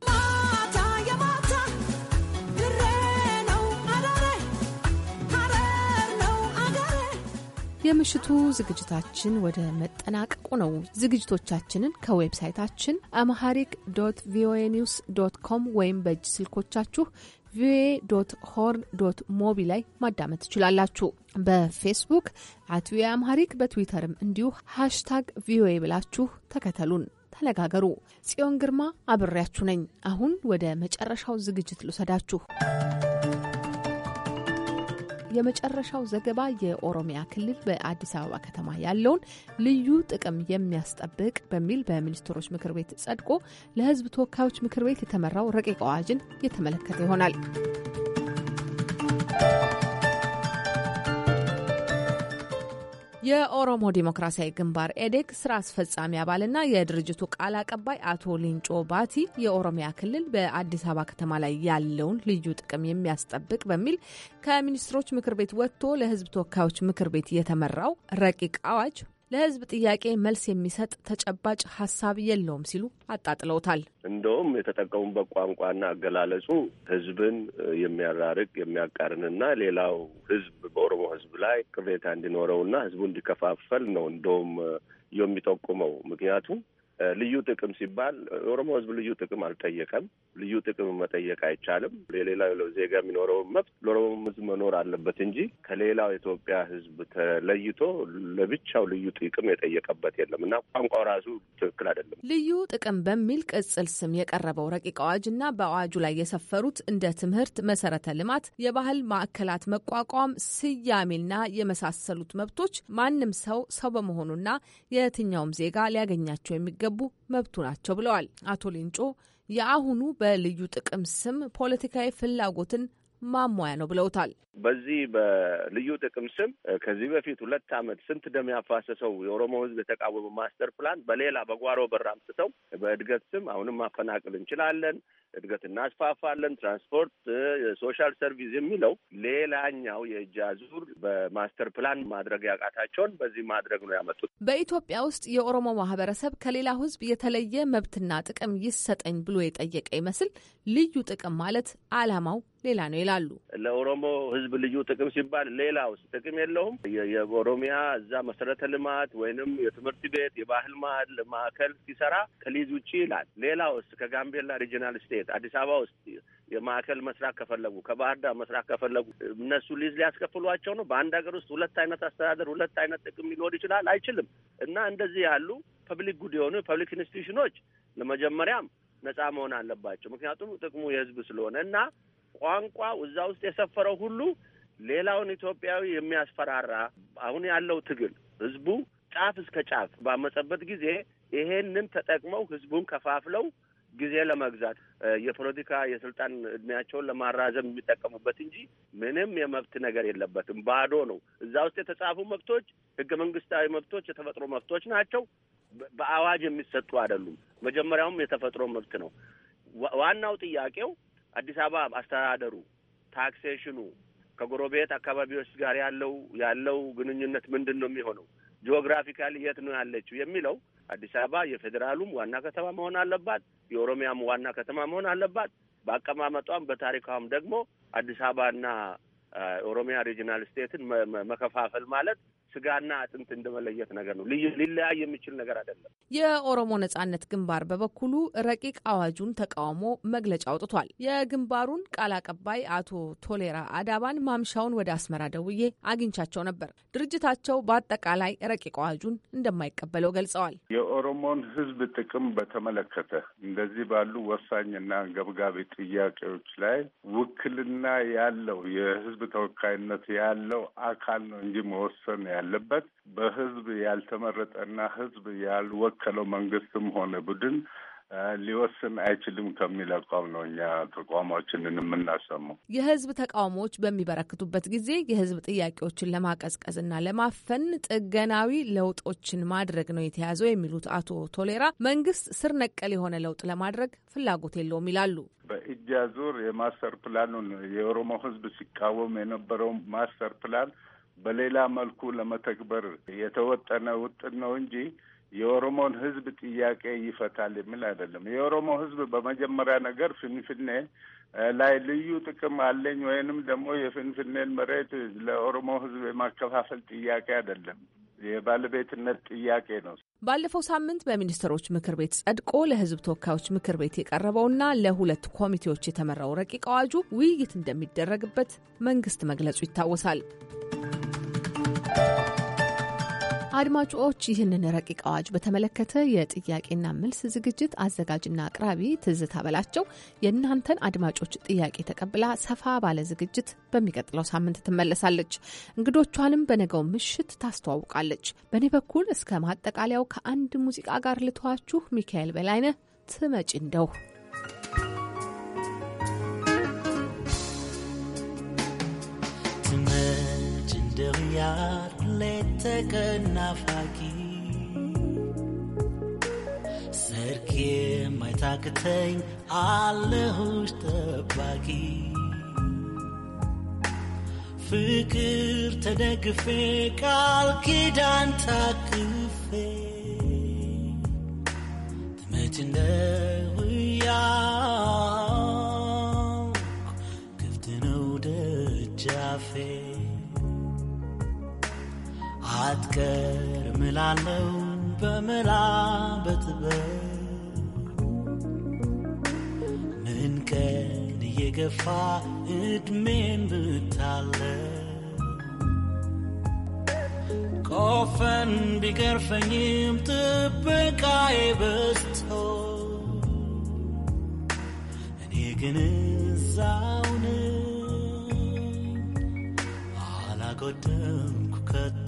የምሽቱ ዝግጅታችን ወደ መጠናቀቁ ነው። ዝግጅቶቻችንን ከዌብሳይታችን አምሃሪክ ዶት ቪኦኤ ኒውስ ዶት ኮም ወይም በእጅ ስልኮቻችሁ ቪኦኤ ዶት ሆርን ዶት ሞቢ ላይ ማዳመጥ ትችላላችሁ። በፌስቡክ አት ቪኦኤ አምሃሪክ፣ በትዊተርም እንዲሁ ሃሽታግ ቪኦኤ ብላችሁ ተከተሉን፣ ተነጋገሩ። ጽዮን ግርማ አብሬያችሁ ነኝ። አሁን ወደ መጨረሻው ዝግጅት ልውሰዳችሁ። የመጨረሻው ዘገባ የኦሮሚያ ክልል በአዲስ አበባ ከተማ ያለውን ልዩ ጥቅም የሚያስጠብቅ በሚል በሚኒስትሮች ምክር ቤት ጸድቆ ለሕዝብ ተወካዮች ምክር ቤት የተመራው ረቂቅ አዋጅን የተመለከተ ይሆናል። የኦሮሞ ዴሞክራሲያዊ ግንባር ኤዴግ ስራ አስፈጻሚ አባልና የድርጅቱ ቃል አቀባይ አቶ ሊንጮ ባቲ የኦሮሚያ ክልል በአዲስ አበባ ከተማ ላይ ያለውን ልዩ ጥቅም የሚያስጠብቅ በሚል ከሚኒስትሮች ምክር ቤት ወጥቶ ለሕዝብ ተወካዮች ምክር ቤት የተመራው ረቂቅ አዋጅ ለሕዝብ ጥያቄ መልስ የሚሰጥ ተጨባጭ ሀሳብ የለውም ሲሉ አጣጥለውታል። እንደውም የተጠቀሙበት ቋንቋና አገላለጹ ሕዝብን የሚያራርቅ የሚያቃርንና ሌላው ሕዝብ በኦሮሞ ላይ ቅሬታ እንዲኖረውና ህዝቡ እንዲከፋፈል ነው እንደውም የሚጠቁመው ምክንያቱም ልዩ ጥቅም ሲባል የኦሮሞ ህዝብ ልዩ ጥቅም አልጠየቀም። ልዩ ጥቅም መጠየቅ አይቻልም። የሌላው ዜጋ የሚኖረው መብት ለኦሮሞ ህዝብ መኖር አለበት እንጂ ከሌላው የኢትዮጵያ ህዝብ ተለይቶ ለብቻው ልዩ ጥቅም የጠየቀበት የለም እና ቋንቋው ራሱ ትክክል አይደለም። ልዩ ጥቅም በሚል ቅጽል ስም የቀረበው ረቂቅ አዋጅ እና በአዋጁ ላይ የሰፈሩት እንደ ትምህርት፣ መሰረተ ልማት፣ የባህል ማዕከላት መቋቋም፣ ስያሜና የመሳሰሉት መብቶች ማንም ሰው ሰው በመሆኑና የትኛውም ዜጋ ሊያገኛቸው የሚገ እንዲገቡ መብቱ ናቸው ብለዋል አቶ ሊንጮ። የአሁኑ በልዩ ጥቅም ስም ፖለቲካዊ ፍላጎትን ማሟያ ነው ብለውታል። በዚህ በልዩ ጥቅም ስም ከዚህ በፊት ሁለት ዓመት ስንት ደም ያፋሰሰው የኦሮሞ ህዝብ የተቃወመ ማስተር ፕላን በሌላ በጓሮ በር አምጥተው በእድገት ስም አሁንም ማፈናቀል እንችላለን፣ እድገት እናስፋፋለን፣ ትራንስፖርት፣ ሶሻል ሰርቪስ የሚለው ሌላኛው የእጅ አዙር በማስተር ፕላን ማድረግ ያቃታቸውን በዚህ ማድረግ ነው ያመጡት። በኢትዮጵያ ውስጥ የኦሮሞ ማህበረሰብ ከሌላው ህዝብ የተለየ መብትና ጥቅም ይሰጠኝ ብሎ የጠየቀ ይመስል ልዩ ጥቅም ማለት አላማው ሌላ ነው ይላሉ። ለኦሮሞ ህዝብ ልዩ ጥቅም ሲባል ውስጥ ጥቅም የለውም? የኦሮሚያ እዛ መሰረተ ልማት ወይንም የትምህርት ቤት የባህል ማል ማዕከል ሲሰራ ከሊዝ ውጭ ይላል። ሌላ ውስጥ ከጋምቤላ ሪጂናል ስቴት አዲስ አበባ ውስጥ የማዕከል መስራት ከፈለጉ ከባህር ዳር መስራት ከፈለጉ እነሱ ሊዝ ሊያስከፍሏቸው ነው። በአንድ ሀገር ውስጥ ሁለት አይነት አስተዳደር፣ ሁለት አይነት ጥቅም ሊኖር ይችላል አይችልም። እና እንደዚህ ያሉ ፐብሊክ ጉድ የሆኑ የፐብሊክ ኢንስቲቱሽኖች ለመጀመሪያም ነጻ መሆን አለባቸው። ምክንያቱም ጥቅሙ የህዝብ ስለሆነ እና ቋንቋ እዛ ውስጥ የሰፈረው ሁሉ ሌላውን ኢትዮጵያዊ የሚያስፈራራ አሁን ያለው ትግል ህዝቡ ጫፍ እስከ ጫፍ ባመጸበት ጊዜ ይሄንን ተጠቅመው ህዝቡን ከፋፍለው ጊዜ ለመግዛት የፖለቲካ የስልጣን እድሜያቸውን ለማራዘም የሚጠቀሙበት እንጂ ምንም የመብት ነገር የለበትም። ባዶ ነው። እዛ ውስጥ የተጻፉ መብቶች ህገ መንግስታዊ መብቶች፣ የተፈጥሮ መብቶች ናቸው። በአዋጅ የሚሰጡ አይደሉም። መጀመሪያውም የተፈጥሮ መብት ነው። ዋናው ጥያቄው አዲስ አበባ አስተዳደሩ፣ ታክሴሽኑ ከጎረቤት አካባቢዎች ጋር ያለው ያለው ግንኙነት ምንድን ነው የሚሆነው፣ ጂኦግራፊካሊ የት ነው ያለችው የሚለው አዲስ አበባ የፌዴራሉም ዋና ከተማ መሆን አለባት፣ የኦሮሚያም ዋና ከተማ መሆን አለባት። በአቀማመጧም በታሪካም ደግሞ አዲስ አበባና ኦሮሚያ ሪጂናል ስቴትን መከፋፈል ማለት ስጋና አጥንት እንደመለየት ነገር ነው። ሊለያይ የሚችል ነገር አይደለም። የኦሮሞ ነጻነት ግንባር በበኩሉ ረቂቅ አዋጁን ተቃውሞ መግለጫ አውጥቷል። የግንባሩን ቃል አቀባይ አቶ ቶሌራ አዳባን ማምሻውን ወደ አስመራ ደውዬ አግኝቻቸው ነበር። ድርጅታቸው በአጠቃላይ ረቂቅ አዋጁን እንደማይቀበለው ገልጸዋል። የኦሮሞን ሕዝብ ጥቅም በተመለከተ እንደዚህ ባሉ ወሳኝና ገብጋቢ ጥያቄዎች ላይ ውክልና ያለው የሕዝብ ተወካይነት ያለው አካል ነው እንጂ መወሰን ያለበት በህዝብ ያልተመረጠና ህዝብ ያልወከለው መንግስትም ሆነ ቡድን ሊወስን አይችልም ከሚል አቋም ነው እኛ ተቋማችንን የምናሰማው። የህዝብ ተቃውሞዎች በሚበረክቱበት ጊዜ የህዝብ ጥያቄዎችን ለማቀዝቀዝና ለማፈን ጥገናዊ ለውጦችን ማድረግ ነው የተያዘው የሚሉት አቶ ቶሌራ መንግስት ስር ነቀል የሆነ ለውጥ ለማድረግ ፍላጎት የለውም ይላሉ። በኢጃ ዙር የማስተር ፕላኑን የኦሮሞ ህዝብ ሲቃወም የነበረው ማስተር ፕላን በሌላ መልኩ ለመተግበር የተወጠነ ውጥን ነው እንጂ የኦሮሞን ህዝብ ጥያቄ ይፈታል የሚል አይደለም። የኦሮሞ ህዝብ በመጀመሪያ ነገር ፍንፍኔ ላይ ልዩ ጥቅም አለኝ ወይንም ደግሞ የፍንፍኔን መሬት ለኦሮሞ ህዝብ የማከፋፈል ጥያቄ አይደለም፣ የባለቤትነት ጥያቄ ነው። ባለፈው ሳምንት በሚኒስትሮች ምክር ቤት ጸድቆ ለህዝብ ተወካዮች ምክር ቤት የቀረበውና ለሁለት ኮሚቴዎች የተመራው ረቂቅ አዋጁ ውይይት እንደሚደረግበት መንግስት መግለጹ ይታወሳል። አድማጮች ይህንን ረቂቅ አዋጅ በተመለከተ የጥያቄና መልስ ዝግጅት አዘጋጅና አቅራቢ ትዝታ በላቸው የእናንተን አድማጮች ጥያቄ ተቀብላ ሰፋ ባለ ዝግጅት በሚቀጥለው ሳምንት ትመለሳለች። እንግዶቿንም በነገው ምሽት ታስተዋውቃለች። በእኔ በኩል እስከ ማጠቃለያው ከአንድ ሙዚቃ ጋር ልተዋችሁ። ሚካኤል በላይነህ ትመጪ እንደው derrière les ናፋቂ ሰርኬ የማይታክተኝ አለሁሽ ጠባቂ ፍቅር ተደግፌ ቃል ኪዳን ታቅፌ ትመጪ እንደውያው ክፍት ነው ደጃፌ አትከር ምላለው በመላ በጥበብ ምን ቀን እየገፋ እድሜን ብታለ ቆፈን ቢገርፈኝም ጥበቃዬ በስቶ እኔ ግን እዛውን አላጎደምኩ ከቶ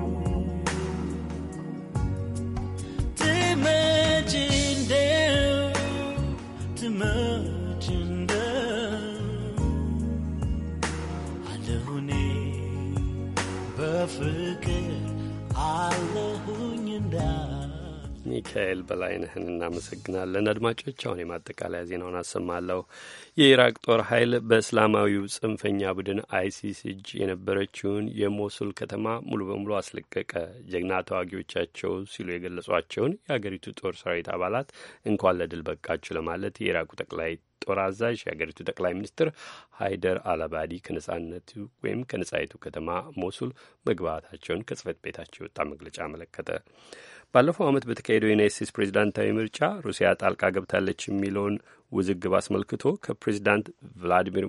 ሚካኤል በላይነህን እናመሰግናለን። አድማጮች፣ አሁን የማጠቃለያ ዜናውን አሰማለሁ። የኢራቅ ጦር ኃይል በእስላማዊው ጽንፈኛ ቡድን አይሲስ እጅ የነበረችውን የሞሱል ከተማ ሙሉ በሙሉ አስለቀቀ። ጀግና ተዋጊዎቻቸው ሲሉ የገለጿቸውን የአገሪቱ ጦር ሰራዊት አባላት እንኳን ለድል በቃችሁ ለማለት የኢራቁ ጠቅላይ ጦር አዛዥ የአገሪቱ ጠቅላይ ሚኒስትር ሀይደር አልአባዲ ከነጻነቱ ወይም ከነጻይቱ ከተማ ሞሱል መግባታቸውን ከጽህፈት ቤታቸው የወጣ መግለጫ አመለከተ። ባለፈው ዓመት በተካሄደው የዩናይት ስቴትስ ፕሬዚዳንታዊ ምርጫ ሩሲያ ጣልቃ ገብታለች የሚለውን ውዝግብ አስመልክቶ ከፕሬዚዳንት ቭላዲሚር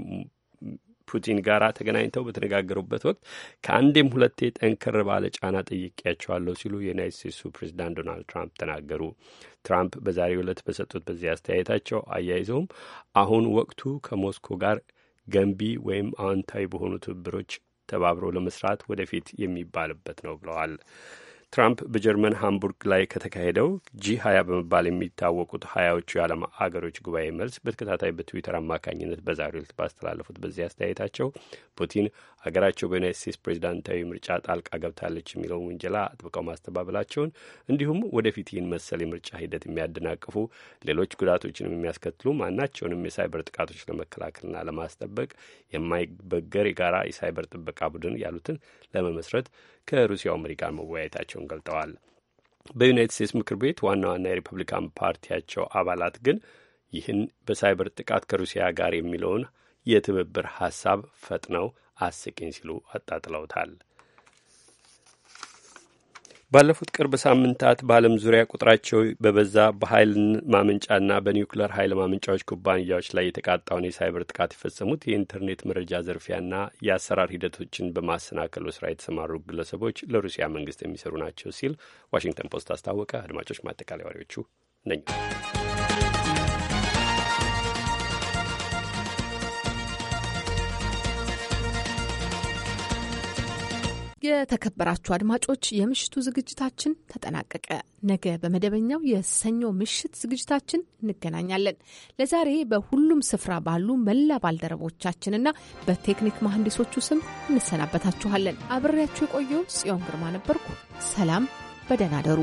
ፑቲን ጋር ተገናኝተው በተነጋገሩበት ወቅት ከአንዴም ሁለቴ ጠንከር ባለ ጫና ጠይቄያቸዋለሁ ሲሉ የዩናይት ስቴትሱ ፕሬዚዳንት ዶናልድ ትራምፕ ተናገሩ። ትራምፕ በዛሬው ዕለት በሰጡት በዚህ አስተያየታቸው አያይዘውም አሁን ወቅቱ ከሞስኮ ጋር ገንቢ ወይም አዎንታዊ በሆኑ ትብብሮች ተባብሮ ለመስራት ወደፊት የሚባልበት ነው ብለዋል። ትራምፕ በጀርመን ሃምቡርግ ላይ ከተካሄደው ጂ ሀያ በመባል የሚታወቁት ሀያዎቹ የዓለም አገሮች ጉባኤ መልስ በተከታታይ በትዊተር አማካኝነት በዛሬው ዕለት ባስተላለፉት በዚህ አስተያየታቸው ፑቲን ሀገራቸው በዩናይት ስቴትስ ፕሬዚዳንታዊ ምርጫ ጣልቃ ገብታለች የሚለውን ውንጀላ አጥብቀው ማስተባበላቸውን እንዲሁም ወደፊት ይህን መሰል የምርጫ ሂደት የሚያደናቅፉ ሌሎች ጉዳቶችንም የሚያስከትሉ ማናቸውንም የሳይበር ጥቃቶች ለመከላከልና ለማስጠበቅ የማይበገር የጋራ የሳይበር ጥበቃ ቡድን ያሉትን ለመመስረት ከሩሲያው መሪ ጋር መሆኑን ገልጠዋል። በዩናይትድ ስቴትስ ምክር ቤት ዋና ዋና የሪፐብሊካን ፓርቲያቸው አባላት ግን ይህን በሳይበር ጥቃት ከሩሲያ ጋር የሚለውን የትብብር ሀሳብ ፈጥነው አስቂኝ ሲሉ አጣጥለውታል። ባለፉት ቅርብ ሳምንታት በዓለም ዙሪያ ቁጥራቸው በበዛ በኃይል ማመንጫና በኒውክሌር ኃይል ማመንጫዎች ኩባንያዎች ላይ የተቃጣውን የሳይበር ጥቃት የፈጸሙት የኢንተርኔት መረጃ ዘርፊያና የአሰራር ሂደቶችን በማሰናከሉ ስራ የተሰማሩ ግለሰቦች ለሩሲያ መንግስት የሚሰሩ ናቸው ሲል ዋሽንግተን ፖስት አስታወቀ። አድማጮች፣ ማጠቃለያ ወሬዎቹ ነኝ። የተከበራችሁ አድማጮች የምሽቱ ዝግጅታችን ተጠናቀቀ። ነገ በመደበኛው የሰኞ ምሽት ዝግጅታችን እንገናኛለን። ለዛሬ በሁሉም ስፍራ ባሉ መላ ባልደረቦቻችንና በቴክኒክ መሐንዲሶቹ ስም እንሰናበታችኋለን። አብሬያችሁ የቆየው ጽዮን ግርማ ነበርኩ። ሰላም፣ በደህና ደሩ።